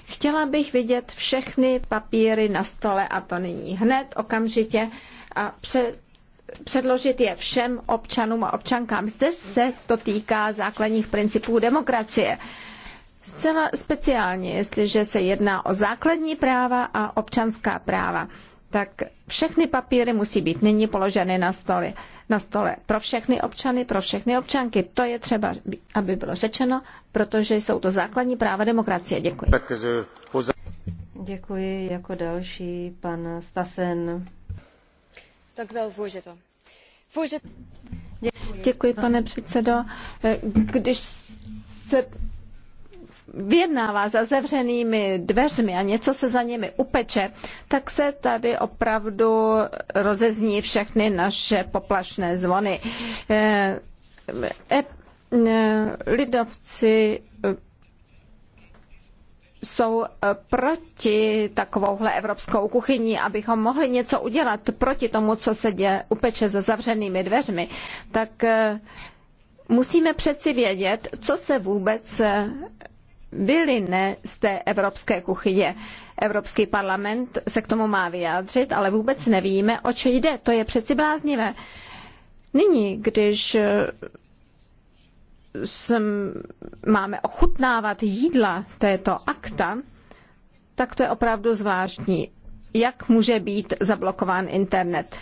Speaker 3: Chtěla bych vidět všechny papíry na stole a to nyní hned, okamžitě a před předložit je všem občanům a občankám. Zde se to týká základních principů demokracie. Zcela speciálně, jestliže se jedná o základní práva a občanská práva, tak všechny papíry musí být nyní položeny na stole. Na stole pro všechny občany, pro všechny občanky. To je třeba, aby bylo řečeno, protože jsou to základní práva demokracie. Děkuji.
Speaker 1: Děkuji. Jako další pan Stasen
Speaker 3: Děkuji, pane předsedající Když se vyjednává za zavřenými dveřmi a něco se za nimi upeče, tak se tady opravdu rozezní všechny naše poplašné zvony. Eh, eh, lidovci jsou eh, proti takovouhle evropskou kuchyni, abychom mohli něco udělat proti tomu, co se děje za zavřenými dveřmi, tak eh, musíme přeci vědět, co se vůbec eh, vyline z té evropské kuchyně. Evropský parlament se k tomu má vyjádřit, ale vůbec nevíme, o co jde. To je přeci bláznivé. Nyní, když máme ochutnávat jídla této akta, tak to je opravdu zvláštní. Jak může být zablokován internet?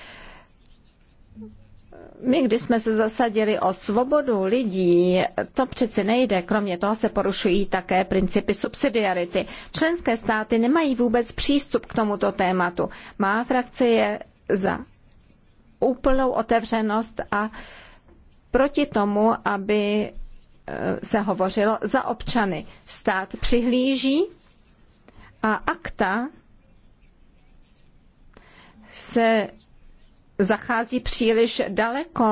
Speaker 3: My, když jsme se zasadili o svobodu lidí, to přeci nejde. Kromě toho se porušují také principy subsidiarity. Členské státy nemají vůbec přístup k tomuto tématu. Má frakce je za úplnou otevřenost a proti tomu, aby Eh, se hovořilo za občany. Stát přihlíží a akta se zachází příliš daleko,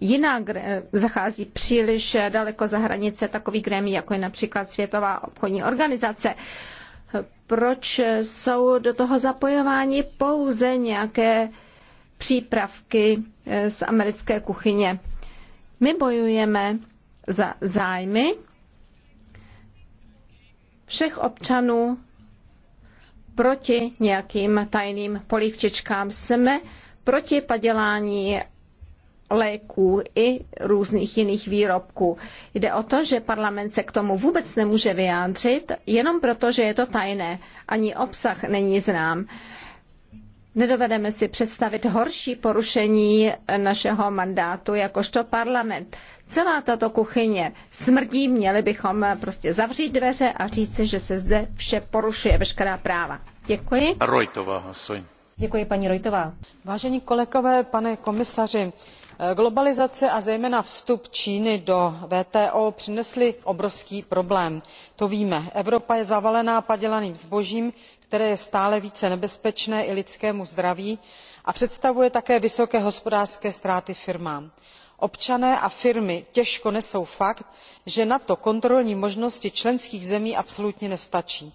Speaker 3: jiná eh, zachází příliš daleko za hranice takových grémí, jako je například Světová obchodní organizace. Proč jsou do toho zapojováni pouze nějaké přípravky eh, z americké kuchyně? My bojujeme za zájmy všech občanů proti nějakým tajným polivčičkám. Jsme proti padělání léků i různých jiných výrobků. Jde o to, že parlament se k tomu vůbec nemůže vyjádřit, jenom proto, že je to tajné. Ani obsah není znám. Nedovedeme si představit horší porušení našeho mandátu jakožto parlament. Celá tato kuchyně smrdí, měli bychom prostě zavřít dveře a říci, že se zde vše porušuje, veškerá práva.
Speaker 5: Děkuji.
Speaker 4: Rojtová, hasuj.
Speaker 5: Děkuji, paní Rojtová. Vážení kolegové, pane komisaři, eh, globalizace a zejména vstup číny do wto přinesly obrovský problém to víme. evropa je zavalená padělaným zbožím které je stále více nebezpečné i lidskému zdraví a představuje také vysoké hospodářské ztráty firmám občané a firmy těžko nesou fakt že na to kontrolní možnosti členských zemí absolutně nestačí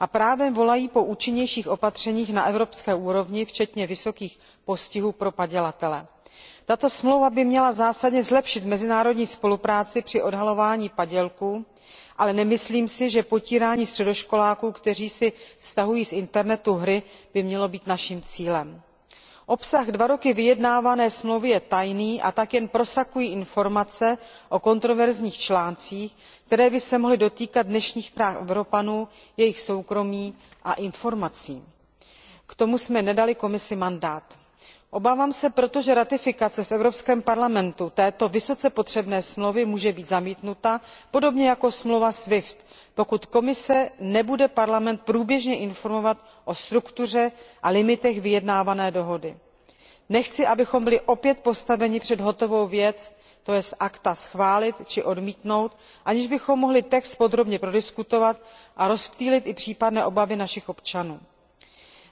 Speaker 5: a právem volají po účinnějších opatřeních na evropské úrovni včetně vysokých postihů pro padělatele. tato smlouva by měla zásadně zlepšit mezinárodní spolupráci při odhalování padělků ale nemyslím si že potírání středoškoláků kteří si stahují z internetu hry by mělo být naším cílem obsah dva roky vyjednávané smlouvy je tajný a tak jen prosakují informace o kontroverzních článcích které by se mohly dotýkat dnešních práv evropanů jejich soukromí a informací. k tomu jsme nedali komisi mandát obávám se proto že ratifikace v evropském parlamentu této vysoce potřebné smlouvy může být zamítnuta podobně jako smlouva swift pokud komise nebude parlament průběžně informovat o struktuře a limitech vyjednávané dohody. nechci abychom byli opět postaveni před hotovou věc to jest acta schválit či odmítnout aniž bychom mohli text podrobně prodiskutovat a rozptýlit i případné obavy našich občanů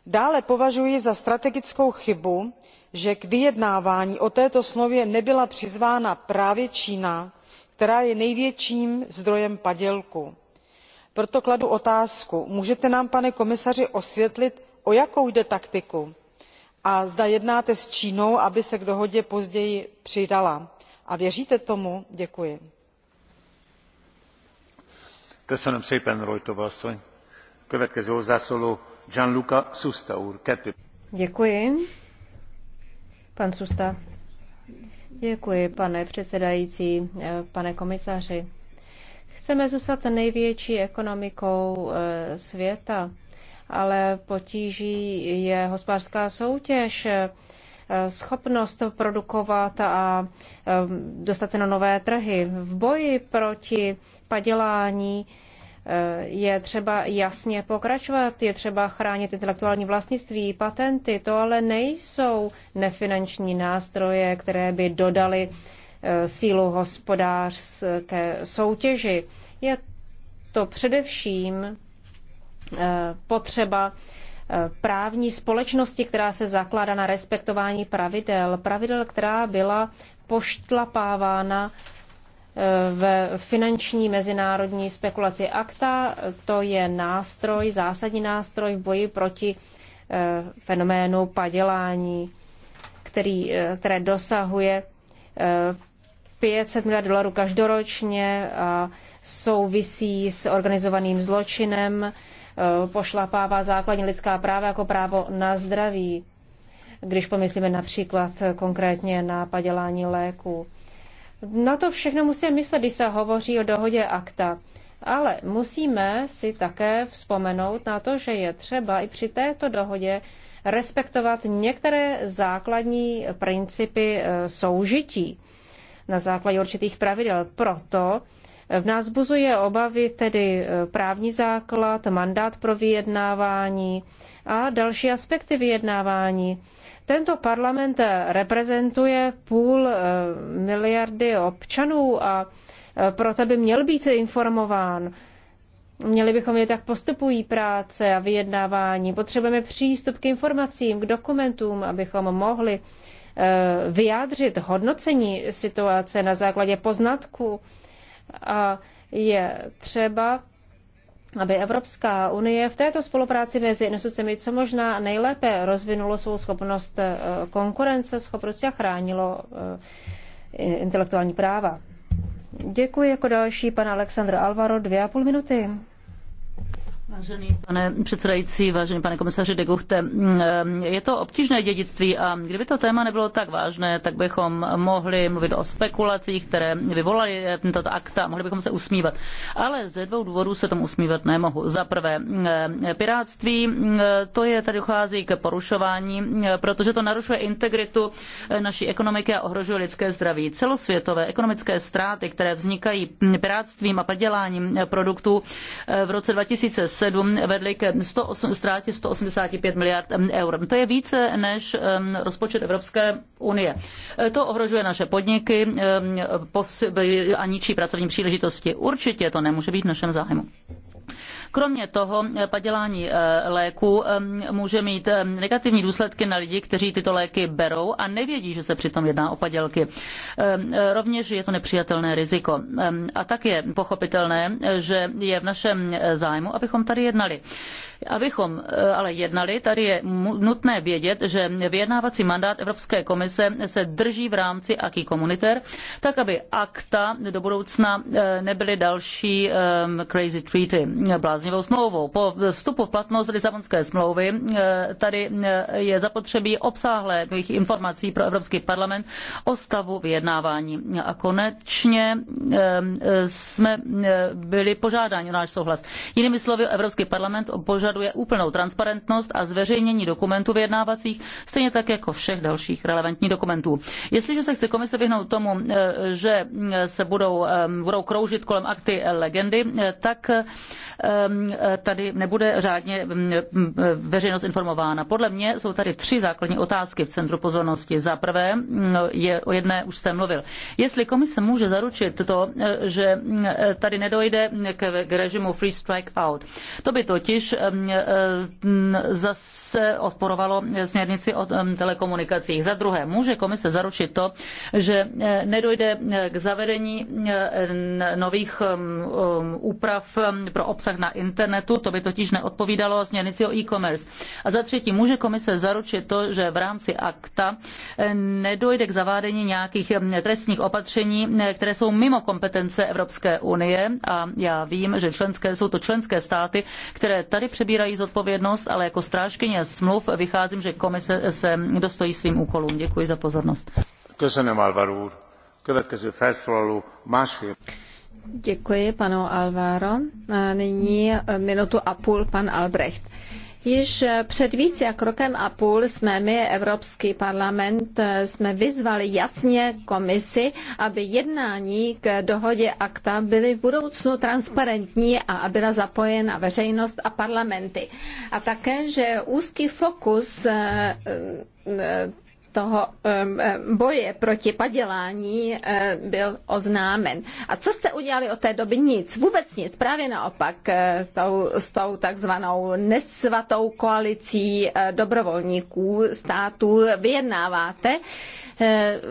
Speaker 5: dále považuji za strategickou chybu že k vyjednávání o této dohodě nebyla přizvána právě čína která je největším zdrojem padělků. proto kladu otázku můžete nám pane komisaři osvětlit o jakou jde taktiku a zda jednáte s čínou aby se k dohodě později přidala? a věříte tomu? děkuji.
Speaker 1: Děkuji. Pan Susta. Děkuji, pane předsedající, eh, pane komisaři. Chceme zůstat největší ekonomikou eh, světa, ale potíží je hospodářská soutěž, eh, schopnost produkovat a dostat se na nové trhy. V boji proti padělání je třeba jasně pokračovat, je třeba chránit intelektuální vlastnictví, patenty, to ale nejsou nefinanční nástroje, které by dodaly eh, sílu hospodářské soutěži. Je to především eh, potřeba eh, právní společnosti, která se zakládá na respektování pravidel, pravidel, která byla poštlapávána v finanční mezinárodní spekulaci akta. To je nástroj, zásadní nástroj v boji proti eh, fenoménu padělání, který, eh, které dosahuje 500 eh, miliard dolarů každoročně a souvisí s organizovaným zločinem, pošlapává základní lidská práva jako právo na zdraví, když pomyslíme například konkrétně na padělání léků. Na to všechno musíme myslet, když se hovoří o dohodě akta. Ale musíme si také vzpomenout na to, že je třeba i při této dohodě respektovat některé základní principy e, soužití na základě určitých pravidel. Proto v nás buzuje obavy tedy e, právní základ, mandát pro vyjednávání a další aspekty vyjednávání. Tento parlament reprezentuje půl eh, miliardy občanů a eh, proto by měl být informován. Měli bychom je tak postupují práce a vyjednávání. Potřebujeme přístup k informacím, k dokumentům, abychom mohli eh, vyjádřit hodnocení situace na základě poznatků. A je třeba aby Evropská unie v této spolupráci mezi institucemi co možná nejlépe rozvinulo svou schopnost eh, konkurence, schopnost a chránilo eh, intelektuální práva. Děkuji jako další pan Aleksandr
Speaker 2: Alvaro, dvě a půl minuty. Vážený pane předsedající, vážený pane komisaři de Guchte, je to obtížné dědictví a kdyby to téma nebylo tak vážné, tak bychom mohli mluvit o spekulacích, které vyvolaly tato akta, mohli bychom se usmívat. Ale ze dvou důvodů se tomu usmívat nemohu. Za prvé, piráctví, to je, tady dochází k porušování, protože to narušuje integritu naší ekonomiky a ohrožuje lidské zdraví. Celosvětové ekonomické ztráty, které vznikají piráctvím a paděláním produktů v roce 2007, 2007 vedly ke 108, ztrátě 185 miliard eur. To je více než rozpočet Evropské unie. E, to ohrožuje naše podniky a ničí pracovní příležitosti. Určitě to nemůže být v našem zájmu. Kromě toho eh, padělání eh, léků eh, může mít negativní důsledky na lidi, kteří tyto léky berou a nevědí, že se přitom jedná o padělky. Rovněž je to nepřijatelné riziko. A tak je pochopitelné, že je v našem zájmu, abychom tady jednali. Abychom eh, ale jednali, tady je nutné vědět, že vyjednávací mandát Evropské komise se drží v rámci aký komunitér, tak aby akta do budoucna eh, nebyly další ehm, crazy treaty, bláznivou smlouvou. Po vstupu v platnost Lisabonské smlouvy eh, tady je zapotřebí obsáhlých informací pro Evropský parlament o stavu vyjednávání. A konečně ehm, jsme byli požádáni o náš souhlas. Jinými slovy, Evropský parlament požadoval požaduje úplnou transparentnost a zveřejnění dokumentů vyjednávacích, stejně tak jako všech dalších relevantních dokumentů. Jestliže se chce komise vyhnout tomu, eh, že eh, se budou, eh, budou kroužit kolem akty legendy, tak tady nebude řádně mm, mm, veřejnost informována. Podle mě jsou tady tři základní otázky v centru pozornosti. Za prvé, mm, je, o jedné už jste mluvil. Jestli komise může zaručit to, že tady nedojde k, k režimu free strike out. To by totiž Ehm, ehm, zase odporovalo směrnici o ehm, telekomunikacích. Za druhé, může komise zaručit to, že eh, nedojde eh, k zavedení eh, nových úprav pro obsah na internetu, to by totiž neodpovídalo směrnici o e-commerce. A za třetí, může komise zaručit to, že v rámci akta nedojde k zavádění nějakých trestních opatření, které jsou mimo kompetence Evropské unie a já vím, že členské, jsou to členské státy, které tady před přebírají zodpovědnost, ale jako strážkyně smluv vycházím, že komise se dostojí svým úkolům. Děkuji za pozornost.
Speaker 3: Děkuji panu Alvaro. A nyní eh, minutu a půl pan Albrecht. Již eh, před více jak rokem a půl jsme my, Evropský parlament, eh, jsme vyzvali jasně komisi, aby jednání k dohodě akta byly v budoucnu transparentní a aby byla zapojena veřejnost a parlamenty. A také, že úzký fokus eh, toho boje proti padělání eh, byl oznámen. A co jste udělali od té doby? Nic, vůbec nic. Právě naopak eh, tou, s tou takzvanou nesvatou koalicí eh, dobrovolníků států vyjednáváte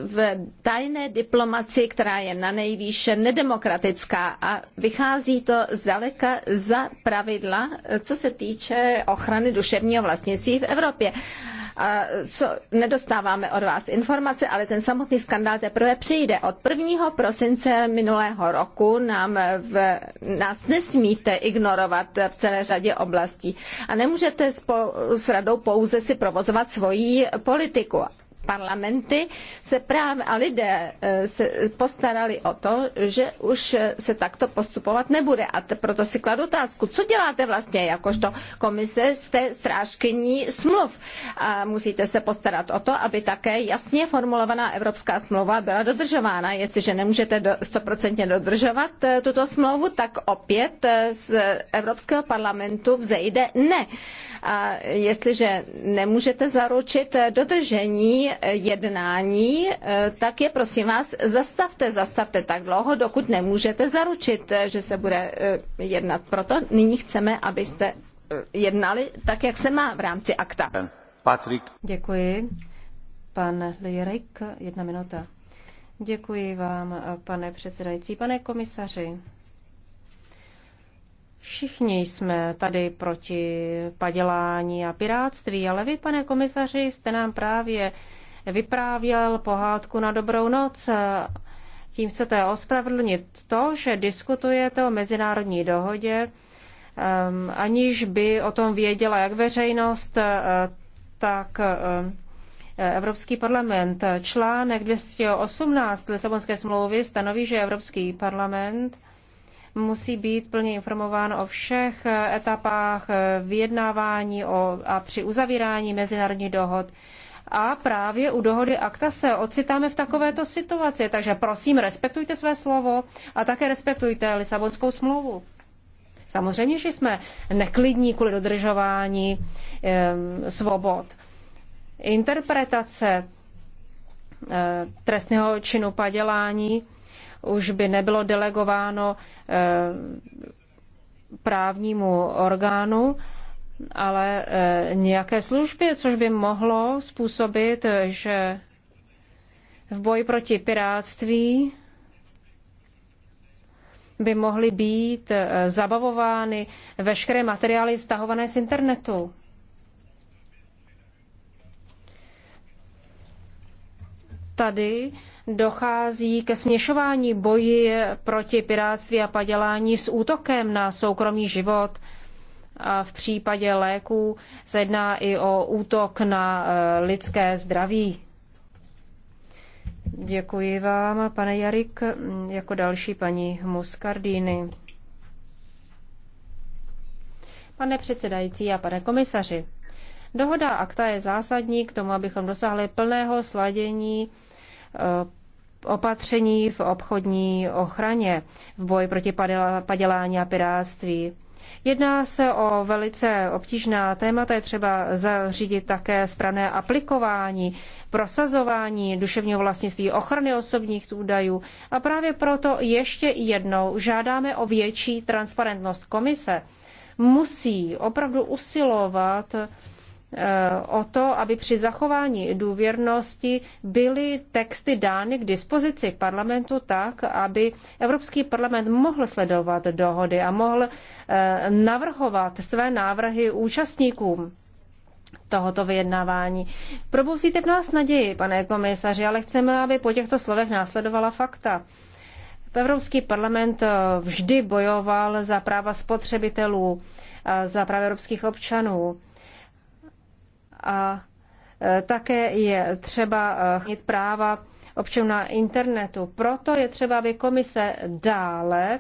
Speaker 3: v tajné diplomaci, která je na nejvýše nedemokratická a vychází to zdaleka za pravidla, co se týče ochrany duševního vlastnictví v Evropě co nedostáváme od vás informace, ale ten samotný skandál teprve přijde. Od 1. prosince minulého roku nám v, nás nesmíte ignorovat v celé řadě oblastí a nemůžete spolu s radou pouze si provozovat svoji politiku parlamenty se právě a lidé eh, se postarali o to, že už se takto postupovat nebude. A proto si kladu otázku, co děláte vlastně jakožto komise, jste strážkyní smluv. A musíte se postarat o to, aby také jasně formulovaná evropská smlouva byla dodržována. Jestliže nemůžete stoprocentně dodržovat eh, tuto smlouvu, tak opět eh, z Evropského parlamentu vzejde ne. A jestliže nemůžete zaručit dodržení jednání, eh, tak je prosím vás zastavte, zastavte tak dlouho, dokud nemůžete zaručit, eh, že se bude eh, jednat. Proto nyní chceme, abyste jednali tak, jak se má v rámci akta. Patrick. Děkuji. Pan Lirik, jedna minuta.
Speaker 1: Děkuji vám, pane předsedající. Pane komisaři, Všichni jsme tady proti padělání a piráctví, ale vy, pane komisaři, jste nám právě vyprávěl pohádku na dobrou noc. Tím chcete ospravedlnit to, že diskutujete o mezinárodní dohodě, um, aniž by o tom věděla jak veřejnost, uh, tak um, Evropský parlament. Článek 218 Lisabonské smlouvy stanoví, že Evropský parlament musí být plně informován o všech etapách vyjednávání o, a při uzavírání mezinárodních dohod. A právě u dohody akta se ocitáme v takovéto situaci. Takže prosím, respektujte své slovo a také respektujte Lisabonskou smlouvu. Samozřejmě, že jsme neklidní kvůli dodržování svobod. Interpretace eh, trestného činu padělání už by nebylo delegováno eh, právnímu orgánu, ale eh, nějaké službě, což by mohlo způsobit, že v boji proti piráctví by mohly být eh, zabavovány veškeré materiály stahované z internetu. Tady dochází ke směšování boji proti pirátství a padělání s útokem na soukromý život. A v případě léků se jedná i o útok na e, lidské zdraví. Děkuji vám, pane Jarik. Jako další paní Muscardini. Pane předsedající a pane komisaři, dohoda akta je zásadní k tomu, abychom dosáhli plného sladění Eh, opatření v obchodní ochraně, v boji proti padělání a piráctví. Jedná se o velice obtížná témata, je třeba zařídit také správné aplikování, prosazování duševního vlastnictví, ochrany osobních údajů a právě proto ještě jednou žádáme o větší transparentnost komise. Musí opravdu usilovat o to, aby při zachování důvěrnosti byly texty dány k dispozici parlamentu tak, aby Evropský parlament mohl sledovat dohody a mohl eh, navrhovat své návrhy účastníkům tohoto vyjednávání. Probouzíte v nás naději, pane komisaři, ale chceme, aby po těchto slovech následovala fakta. Evropský parlament eh, vždy bojoval za práva spotřebitelů, za práva evropských občanů a e, také je třeba e, chránit práva občanů na internetu. Proto je třeba, aby komise dále e,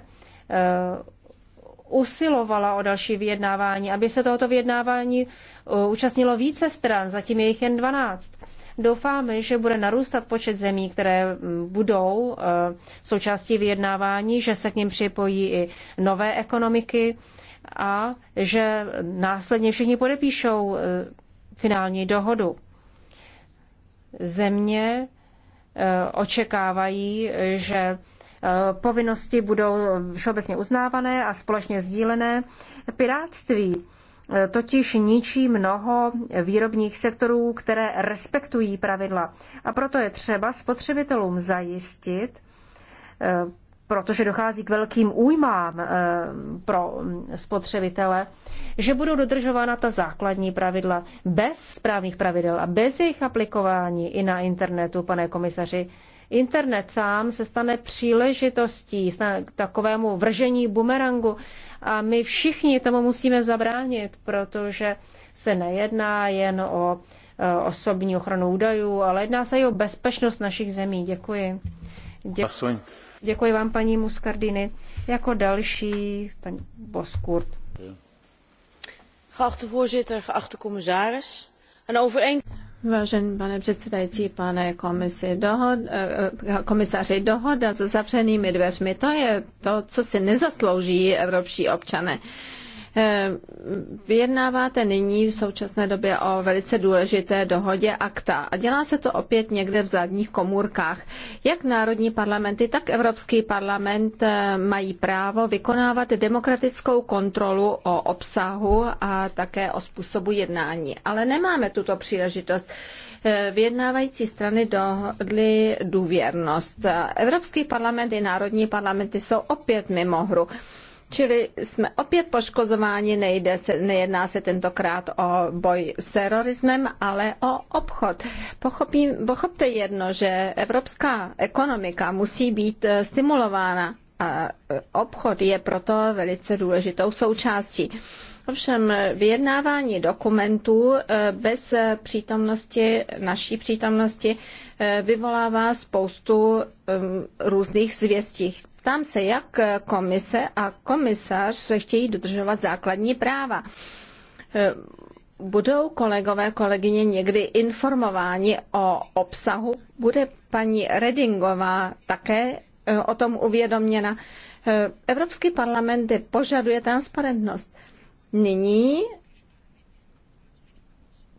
Speaker 1: usilovala o další vyjednávání, aby se tohoto vyjednávání účastnilo více stran, zatím je jich jen 12. Doufáme, že bude narůstat počet zemí, které budou součástí vyjednávání, že se k ním připojí i nové ekonomiky a že následně všichni podepíšou finální dohodu. Země eh, očekávají, že eh, povinnosti budou všeobecně uznávané a společně sdílené. Piráctví eh, totiž ničí mnoho výrobních sektorů, které respektují pravidla. A proto je třeba spotřebitelům zajistit protože dochází k velkým újmám eh, pro spotřebitele, že budou dodržována ta základní pravidla bez správných pravidel a bez jejich aplikování i na internetu, pane komisaři. Internet sám se stane příležitostí k takovému vržení bumerangu a my všichni tomu musíme zabránit, protože se nejedná jen o eh, osobní ochranu údajů, ale jedná se i o bezpečnost našich zemí. Děkuji. Děkuji. Děkuji vám, paní Muscardini. Jako další,
Speaker 3: paní Boskurt. Geachte voorzitter, geachte commissaris. Een overeenkomst. Vážený pane předsedající, pane komisi, dohod, eh, eh, komisaři, dohoda s zavřenými dveřmi, to je to, co si nezaslouží evropští občané. Eh, vyjednáváte nyní v současné době o velice důležité dohodě akta a dělá se to opět někde v zadních komůrkách. Jak národní parlamenty, tak Evropský parlament eh, mají právo vykonávat demokratickou kontrolu o obsahu a také o způsobu jednání. Ale nemáme tuto příležitost. Eh, vyjednávající strany dohodly důvěrnost. Evropský parlament i národní parlamenty jsou opět mimo hru. Čili jsme opět poškozováni, nejde se, nejedná se tentokrát o boj s terorismem, ale o obchod. Pochopím, pochopte jedno, že evropská ekonomika musí být eh, stimulována a eh, obchod je proto velice důležitou součástí. Ovšem vyjednávání dokumentů eh, bez přítomnosti, naší přítomnosti, vyvolává spoustu různých zvěstí. Ptám se, jak komise a komisař chtějí dodržovat základní práva. Eh, budou kolegové, kolegyně někdy informováni o obsahu? Bude paní Redingová také eh, o tom uvědoměna? Eh, Evropský parlament požaduje transparentnost. Nyní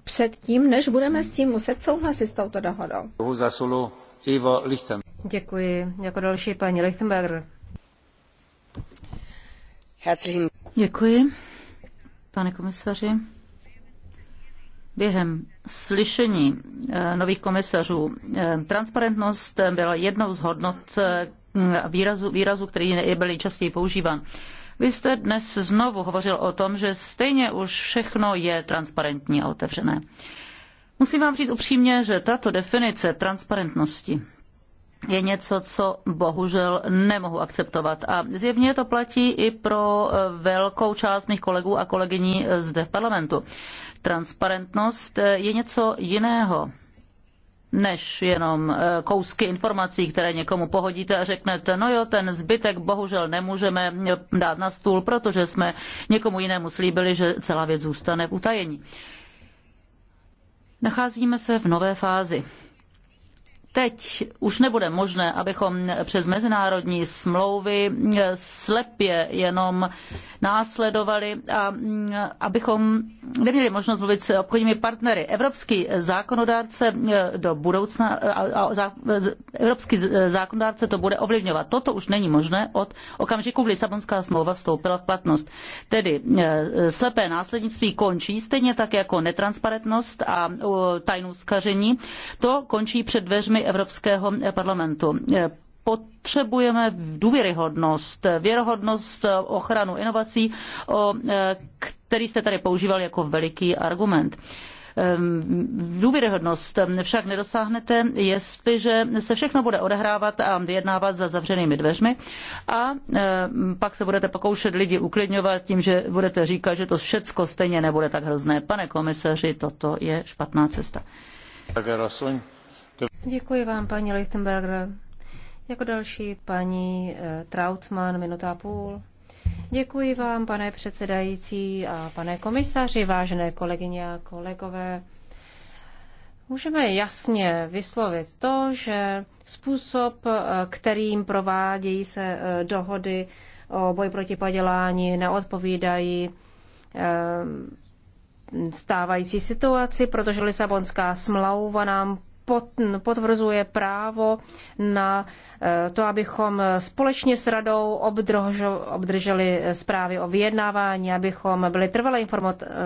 Speaker 3: předtím, než budeme s tím muset souhlasit s touto dohodou.
Speaker 4: Ivo Lichten.
Speaker 1: Děkuji. Jako další paní Lichtenberger.
Speaker 2: Herzlichen. Děkuji, pane komisaři. Během slyšení eh, nových komisařů eh, transparentnost byla jednou z hodnot eh, výrazu, výrazu který byl častěji používán. Vy jste dnes znovu hovořil o tom, že stejně už všechno je transparentní a otevřené. Musím vám říct upřímně, že tato definice transparentnosti je něco, co bohužel nemohu akceptovat. A zjevně to platí i pro eh, velkou část mých kolegů a kolegyní eh, zde v parlamentu. Transparentnost eh, je něco jiného než jenom kousky informací, které někomu pohodíte a řeknete, no jo, ten zbytek bohužel nemůžeme dát na stůl, protože jsme někomu jinému slíbili, že celá věc zůstane v utajení. Nacházíme se v nové fázi teď už nebude možné, abychom přes mezinárodní smlouvy eh, slepě jenom následovali a mm, abychom neměli možnost mluvit s obchodními partnery. Evropský zákonodárce eh, do budoucna, eh, a, a, a, evropský zákonodárce to bude ovlivňovat. Toto už není možné od okamžiku, kdy Lisabonská smlouva vstoupila v platnost. Tedy slepé následnictví končí stejně tak jako netransparentnost a tajnou skaření. To končí před dveřmi Evropského parlamentu potřebujeme důvěryhodnost, věrohodnost ochranu inovací, o, který jste tady používal jako veliký argument. Ehm, důvěryhodnost však nedosáhnete, jestliže se všechno bude odehrávat a vyjednávat za zavřenými dveřmi a ehm, pak se budete pokoušet lidi uklidňovat tím, že budete říkat, že to všecko stejně nebude tak hrozné. Pane komisaři, toto je špatná cesta.
Speaker 1: Děkuji vám,
Speaker 2: paní Lichtenberger.
Speaker 1: Jako další paní eh, Trautmann, minuta a půl. Děkuji vám, pane předsedající a pane komisaři, vážené kolegyně a kolegové. Můžeme jasně vyslovit to, že způsob, eh, kterým provádějí se eh, dohody o boji proti padělání, neodpovídají stávající situaci, protože Lisabonská smlouva nám potvrzuje právo na eh, to, abychom společně s radou obdrželi zprávy o vyjednávání, abychom byli trvale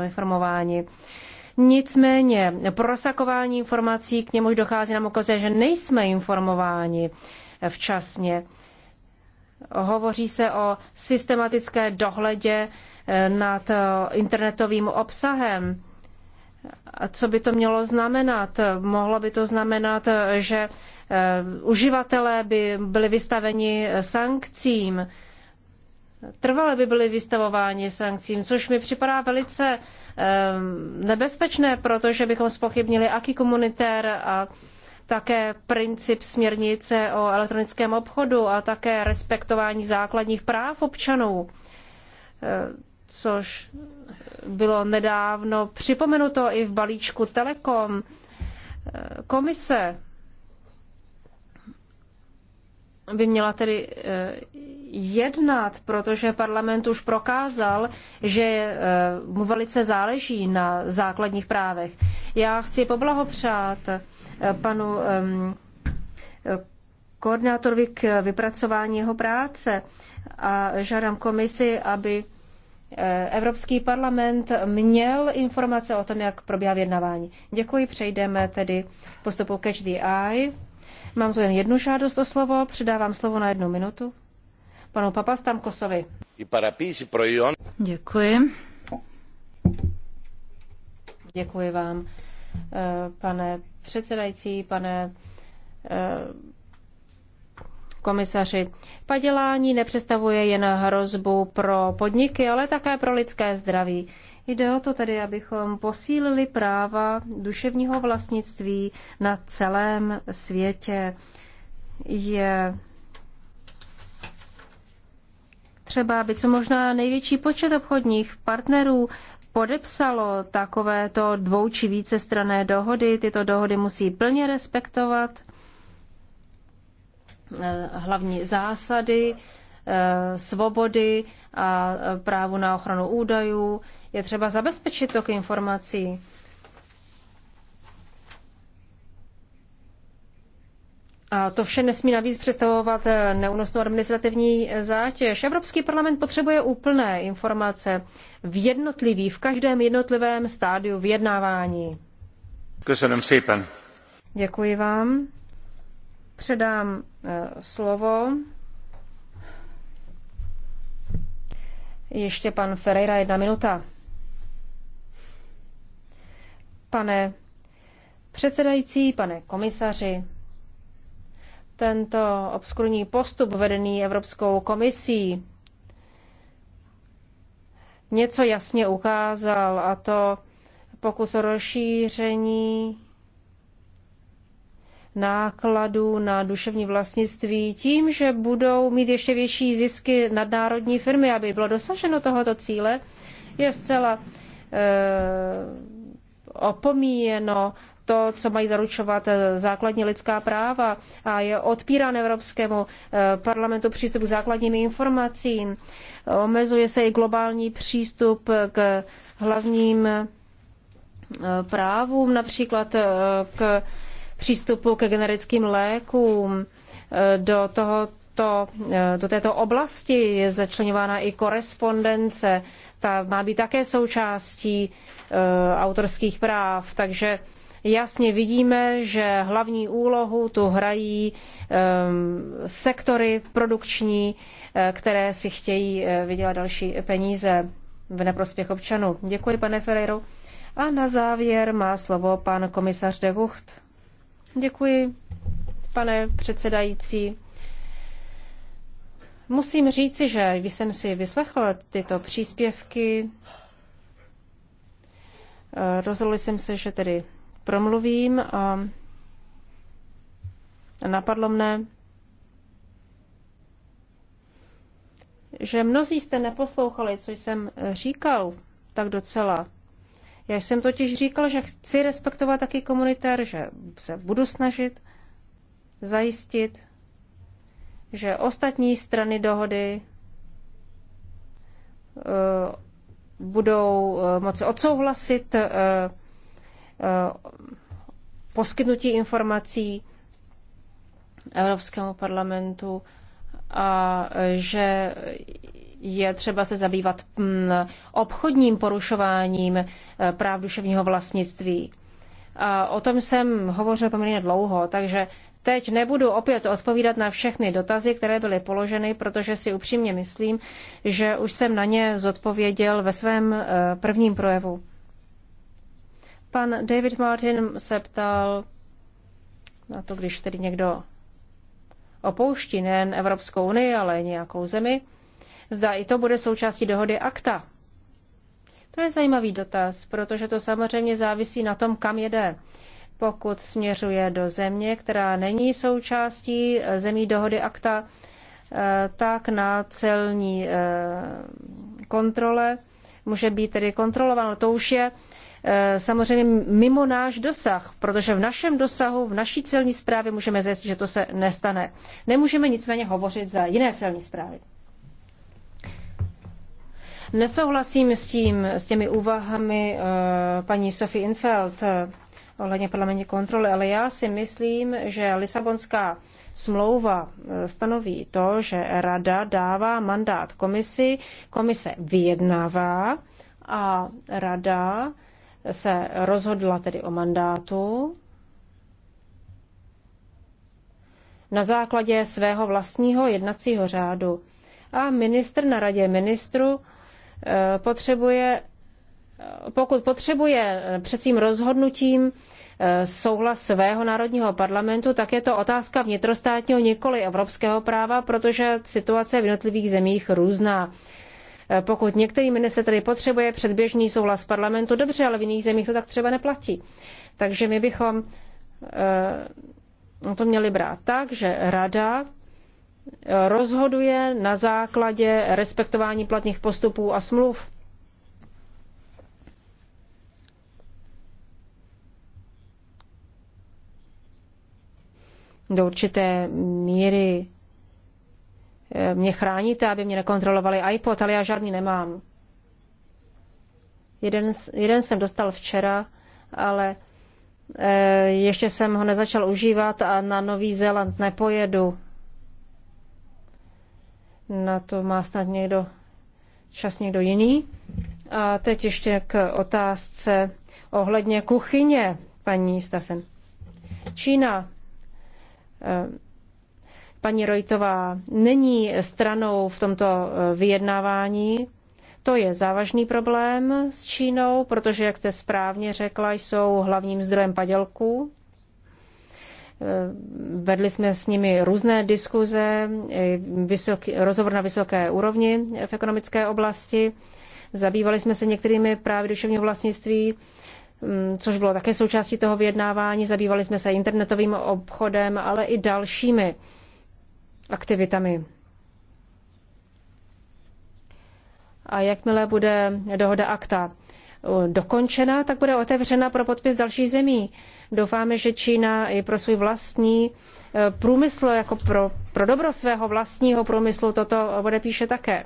Speaker 1: informováni. Nicméně prosakování informací, k němuž dochází nám ukazuje, že nejsme informováni včasně. Hovoří se o systematické dohledě eh, nad eh, internetovým obsahem a co by to mělo znamenat? Mohlo by to znamenat, že eh, uživatelé by byli vystaveni sankcím, trvale by byli vystavováni sankcím, což mi připadá velice eh, nebezpečné, protože bychom spochybnili aký komunitér a také princip směrnice o elektronickém obchodu a také respektování základních práv občanů, eh, což bylo nedávno připomenuto i v balíčku Telekom. Komise by měla tedy eh, jednat, protože parlament už prokázal, že eh, mu velice záleží na základních právech. Já chci poblahopřát eh, panu ehm, koordinátorovi k vypracování jeho práce a žádám komisi, aby Evropský parlament měl informace o tom, jak probíhá vyjednávání. Děkuji, přejdeme tedy postupu Catch the Eye. Mám tu jen jednu žádost o slovo, předávám slovo na jednu minutu panu Papastamkosovi. Děkuji. Děkuji vám, eh, pane předsedající, pane eh, komisaři. Padělání nepředstavuje jen hrozbu pro podniky, ale také pro lidské zdraví. Jde o to tedy, abychom posílili práva duševního vlastnictví na celém světě. Je třeba, aby co možná největší počet obchodních partnerů podepsalo takovéto dvou či vícestrané dohody. Tyto dohody musí plně respektovat Eh, hlavní zásady, eh, svobody a eh, právu na ochranu údajů. Je třeba zabezpečit tok informací. A to vše nesmí navíc představovat neúnosnou administrativní zátěž. Evropský parlament potřebuje úplné informace v jednotlivý, v každém jednotlivém stádiu vyjednávání. Děkuji vám. Předám Eh, slovo. Ještě pan Ferreira, jedna minuta. Pane předsedající, pane komisaři, tento obskurní postup vedený Evropskou komisí něco jasně ukázal, a to pokus o rozšíření nákladů na duševní vlastnictví tím, že budou mít ještě větší zisky nadnárodní firmy, aby bylo dosaženo tohoto cíle, je zcela e, opomíjeno to, co mají zaručovat eh, základní lidská práva a je odpírán Evropskému eh, parlamentu přístup k základním informacím. Omezuje se i globální přístup k hlavním právům, například k přístupu ke generickým lékům. E, do, tohoto, e, do této oblasti je začlenována i korespondence. Ta má být také součástí e, autorských práv, takže jasně vidíme, že hlavní úlohu tu hrají sektory produkční, které si chtějí vydělat další peníze v neprospěch občanů. Děkuji, pane Ferreiro. A na závěr má slovo pan komisař de Gucht. Děkuji, pane předsedající. Musím říci, že když jsem si vyslechl tyto příspěvky, eh, rozhodl jsem se, že tedy promluvím a napadlo mne, že mnozí jste neposlouchali, co jsem říkal tak docela já jsem totiž říkal, že chci respektovat taky komunitér, že se budu snažit zajistit, že ostatní strany dohody uh, budou uh, moci odsouhlasit uh, poskytnutí informací Evropskému parlamentu a že je třeba se zabývat mm, obchodním porušováním eh, práv duševního vlastnictví. A o tom jsem hovořil poměrně dlouho, takže teď nebudu opět odpovídat na všechny dotazy, které byly položeny, protože si upřímně myslím, že už jsem na ně zodpověděl ve svém eh, prvním projevu. Pan David Martin se ptal na to, když tedy někdo opouští nejen Evropskou unii, ale nějakou zemi, Zda i to bude součástí dohody akta. To je zajímavý dotaz, protože to samozřejmě závisí na tom, kam jede. Pokud směřuje do země, která není součástí eh, zemí dohody akta, eh, tak na celní eh, kontrole může být tedy kontrolováno. To už je samozřejmě mimo náš dosah, protože v našem dosahu, v naší celní správě můžeme zjistit, že to se nestane. Nemůžeme nicméně hovořit za jiné celní zprávy. Nesouhlasím s, tím, s těmi úvahami eh, paní Sophie Infeld eh, ohledně parlamentní kontroly, ale já si myslím, že Lisabonská smlouva eh, stanoví to, že rada dává mandát komisi, komise vyjednává a rada se rozhodla tedy o mandátu na základě svého vlastního jednacího řádu. A ministr na radě ministru Eh, potřebuje, pokud potřebuje před svým rozhodnutím eh, souhlas svého národního parlamentu, tak je to otázka vnitrostátního, nikoli evropského práva, protože situace v jednotlivých zemích různá. Eh, pokud některý minister tedy potřebuje předběžný souhlas parlamentu, dobře, ale v jiných zemích to tak třeba neplatí. Takže my bychom to měli brát tak, že rada rozhoduje na základě respektování platných postupů a smluv. Do určité míry eh, mě chráníte, aby mě nekontrolovali iPod, ale já žádný nemám. Jeden, jeden jsem dostal včera, ale eh, ještě jsem ho nezačal užívat a na Nový Zéland nepojedu na to má snad někdo čas někdo jiný. A teď ještě k otázce ohledně kuchyně, paní Stasen. Čína, eh, paní Rojtová, není stranou v tomto eh, vyjednávání. To je závažný problém s Čínou, protože, jak jste správně řekla, jsou hlavním zdrojem padělků Vedli jsme s nimi různé diskuze, vysoký, rozhovor na vysoké úrovni v ekonomické oblasti. Zabývali jsme se některými právě duševního vlastnictví, mm, což bylo také součástí toho vyjednávání. Zabývali jsme se internetovým obchodem, ale i dalšími aktivitami. A jakmile bude dohoda akta dokončena, tak bude otevřena pro podpis dalších zemí. Doufáme, že Čína i pro svůj vlastní eh, průmysl, jako pro, pro dobro svého vlastního průmyslu, toto odepíše také.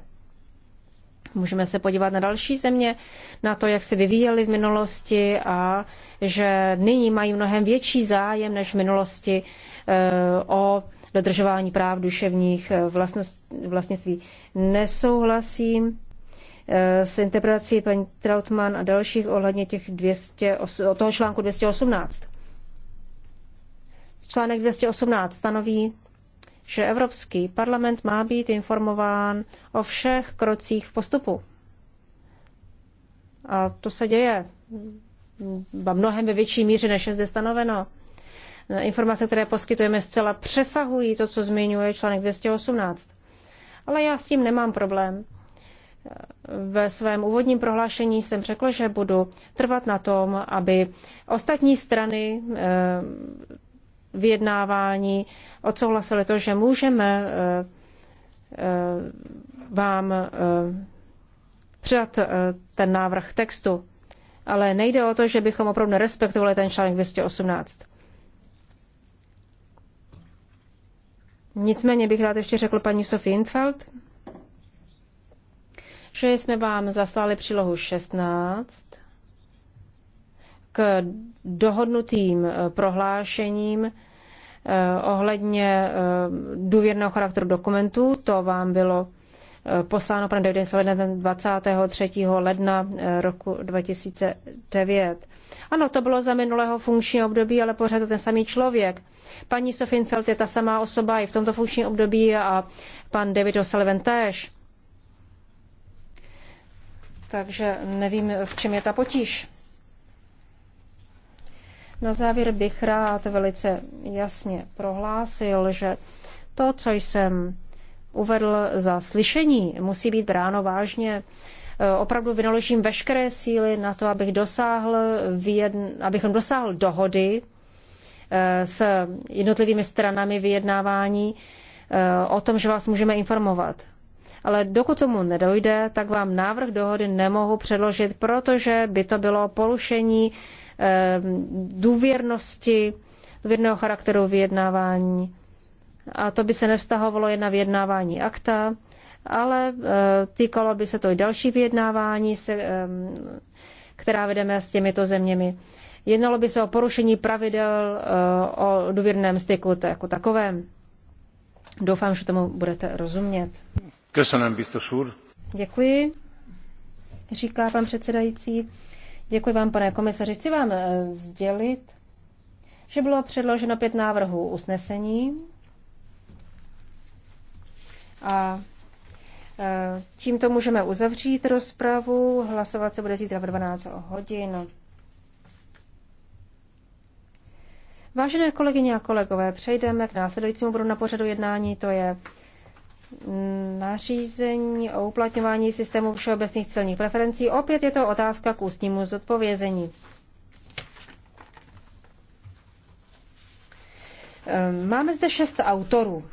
Speaker 1: Můžeme se podívat na další země, na to, jak se vyvíjeli v minulosti a že nyní mají mnohem větší zájem než v minulosti eh, o dodržování práv duševních eh, vlastnictví. Nesouhlasím s interpretací paní Trautmann a dalších ohledně těch 200, toho článku 218. Článek 218 stanoví, že Evropský parlament má být informován o všech krocích v postupu. A to se děje ba mnohem ve větší míře, než je zde stanoveno. Informace, které poskytujeme, zcela přesahují to, co zmiňuje článek 218. Ale já s tím nemám problém. Ve svém úvodním prohlášení jsem řekl, že budu trvat na tom, aby ostatní strany eh, vyjednávání odsouhlasili to, že můžeme eh, eh, vám eh, přidat ten návrh textu, ale nejde o to, že bychom opravdu nerespektovali ten článek 218. Nicméně bych rád ještě řekl paní Sofie Infeld, že jsme vám zaslali přílohu 16, k dohodnutým eh, prohlášením eh, ohledně eh, důvěrného charakteru dokumentů. To vám bylo posláno panem Davidem 23. ledna roku 2009. Ano, to bylo za minulého funkčního období, ale pořád to ten samý člověk. Paní Sofinfeld je ta samá osoba i v tomto funkčním období a pan David O'Sullivan též. Takže nevím, v čem je ta potíž. Na závěr bych rád velice jasně prohlásil, že to, co jsem uvedl za slyšení, musí být bráno vážně. E, opravdu vynaložím veškeré síly na to, abych dosáhl vyjedn... abychom dosáhl dohody e, s jednotlivými stranami vyjednávání e, o tom, že vás můžeme informovat. Ale dokud tomu nedojde, tak vám návrh dohody nemohu předložit, protože by to bylo porušení Ehm, důvěrnosti, důvěrného charakteru vyjednávání. A to by se nevztahovalo jen na vyjednávání akta, ale eh, týkalo by se to i další vyjednávání, ehm, která vedeme s těmito zeměmi. Jednalo by se o porušení pravidel eh, o důvěrném styku jako takovém. Doufám, že tomu budete rozumět. Děkuji, říká pan předsedající. Děkuji vám, pane komisaři. Chci vám eh, sdělit, že bylo předloženo pět návrhů usnesení a eh, tímto můžeme uzavřít rozpravu. Hlasovat se bude zítra v 12 hodin. Vážené kolegyně a kolegové, přejdeme k následujícímu bodu na pořadu jednání, to je nařízení o uplatňování systému všeobecných celních preferencí. Opět je to otázka k ústnímu zodpovězení.
Speaker 2: Ehm, máme zde šest autorů.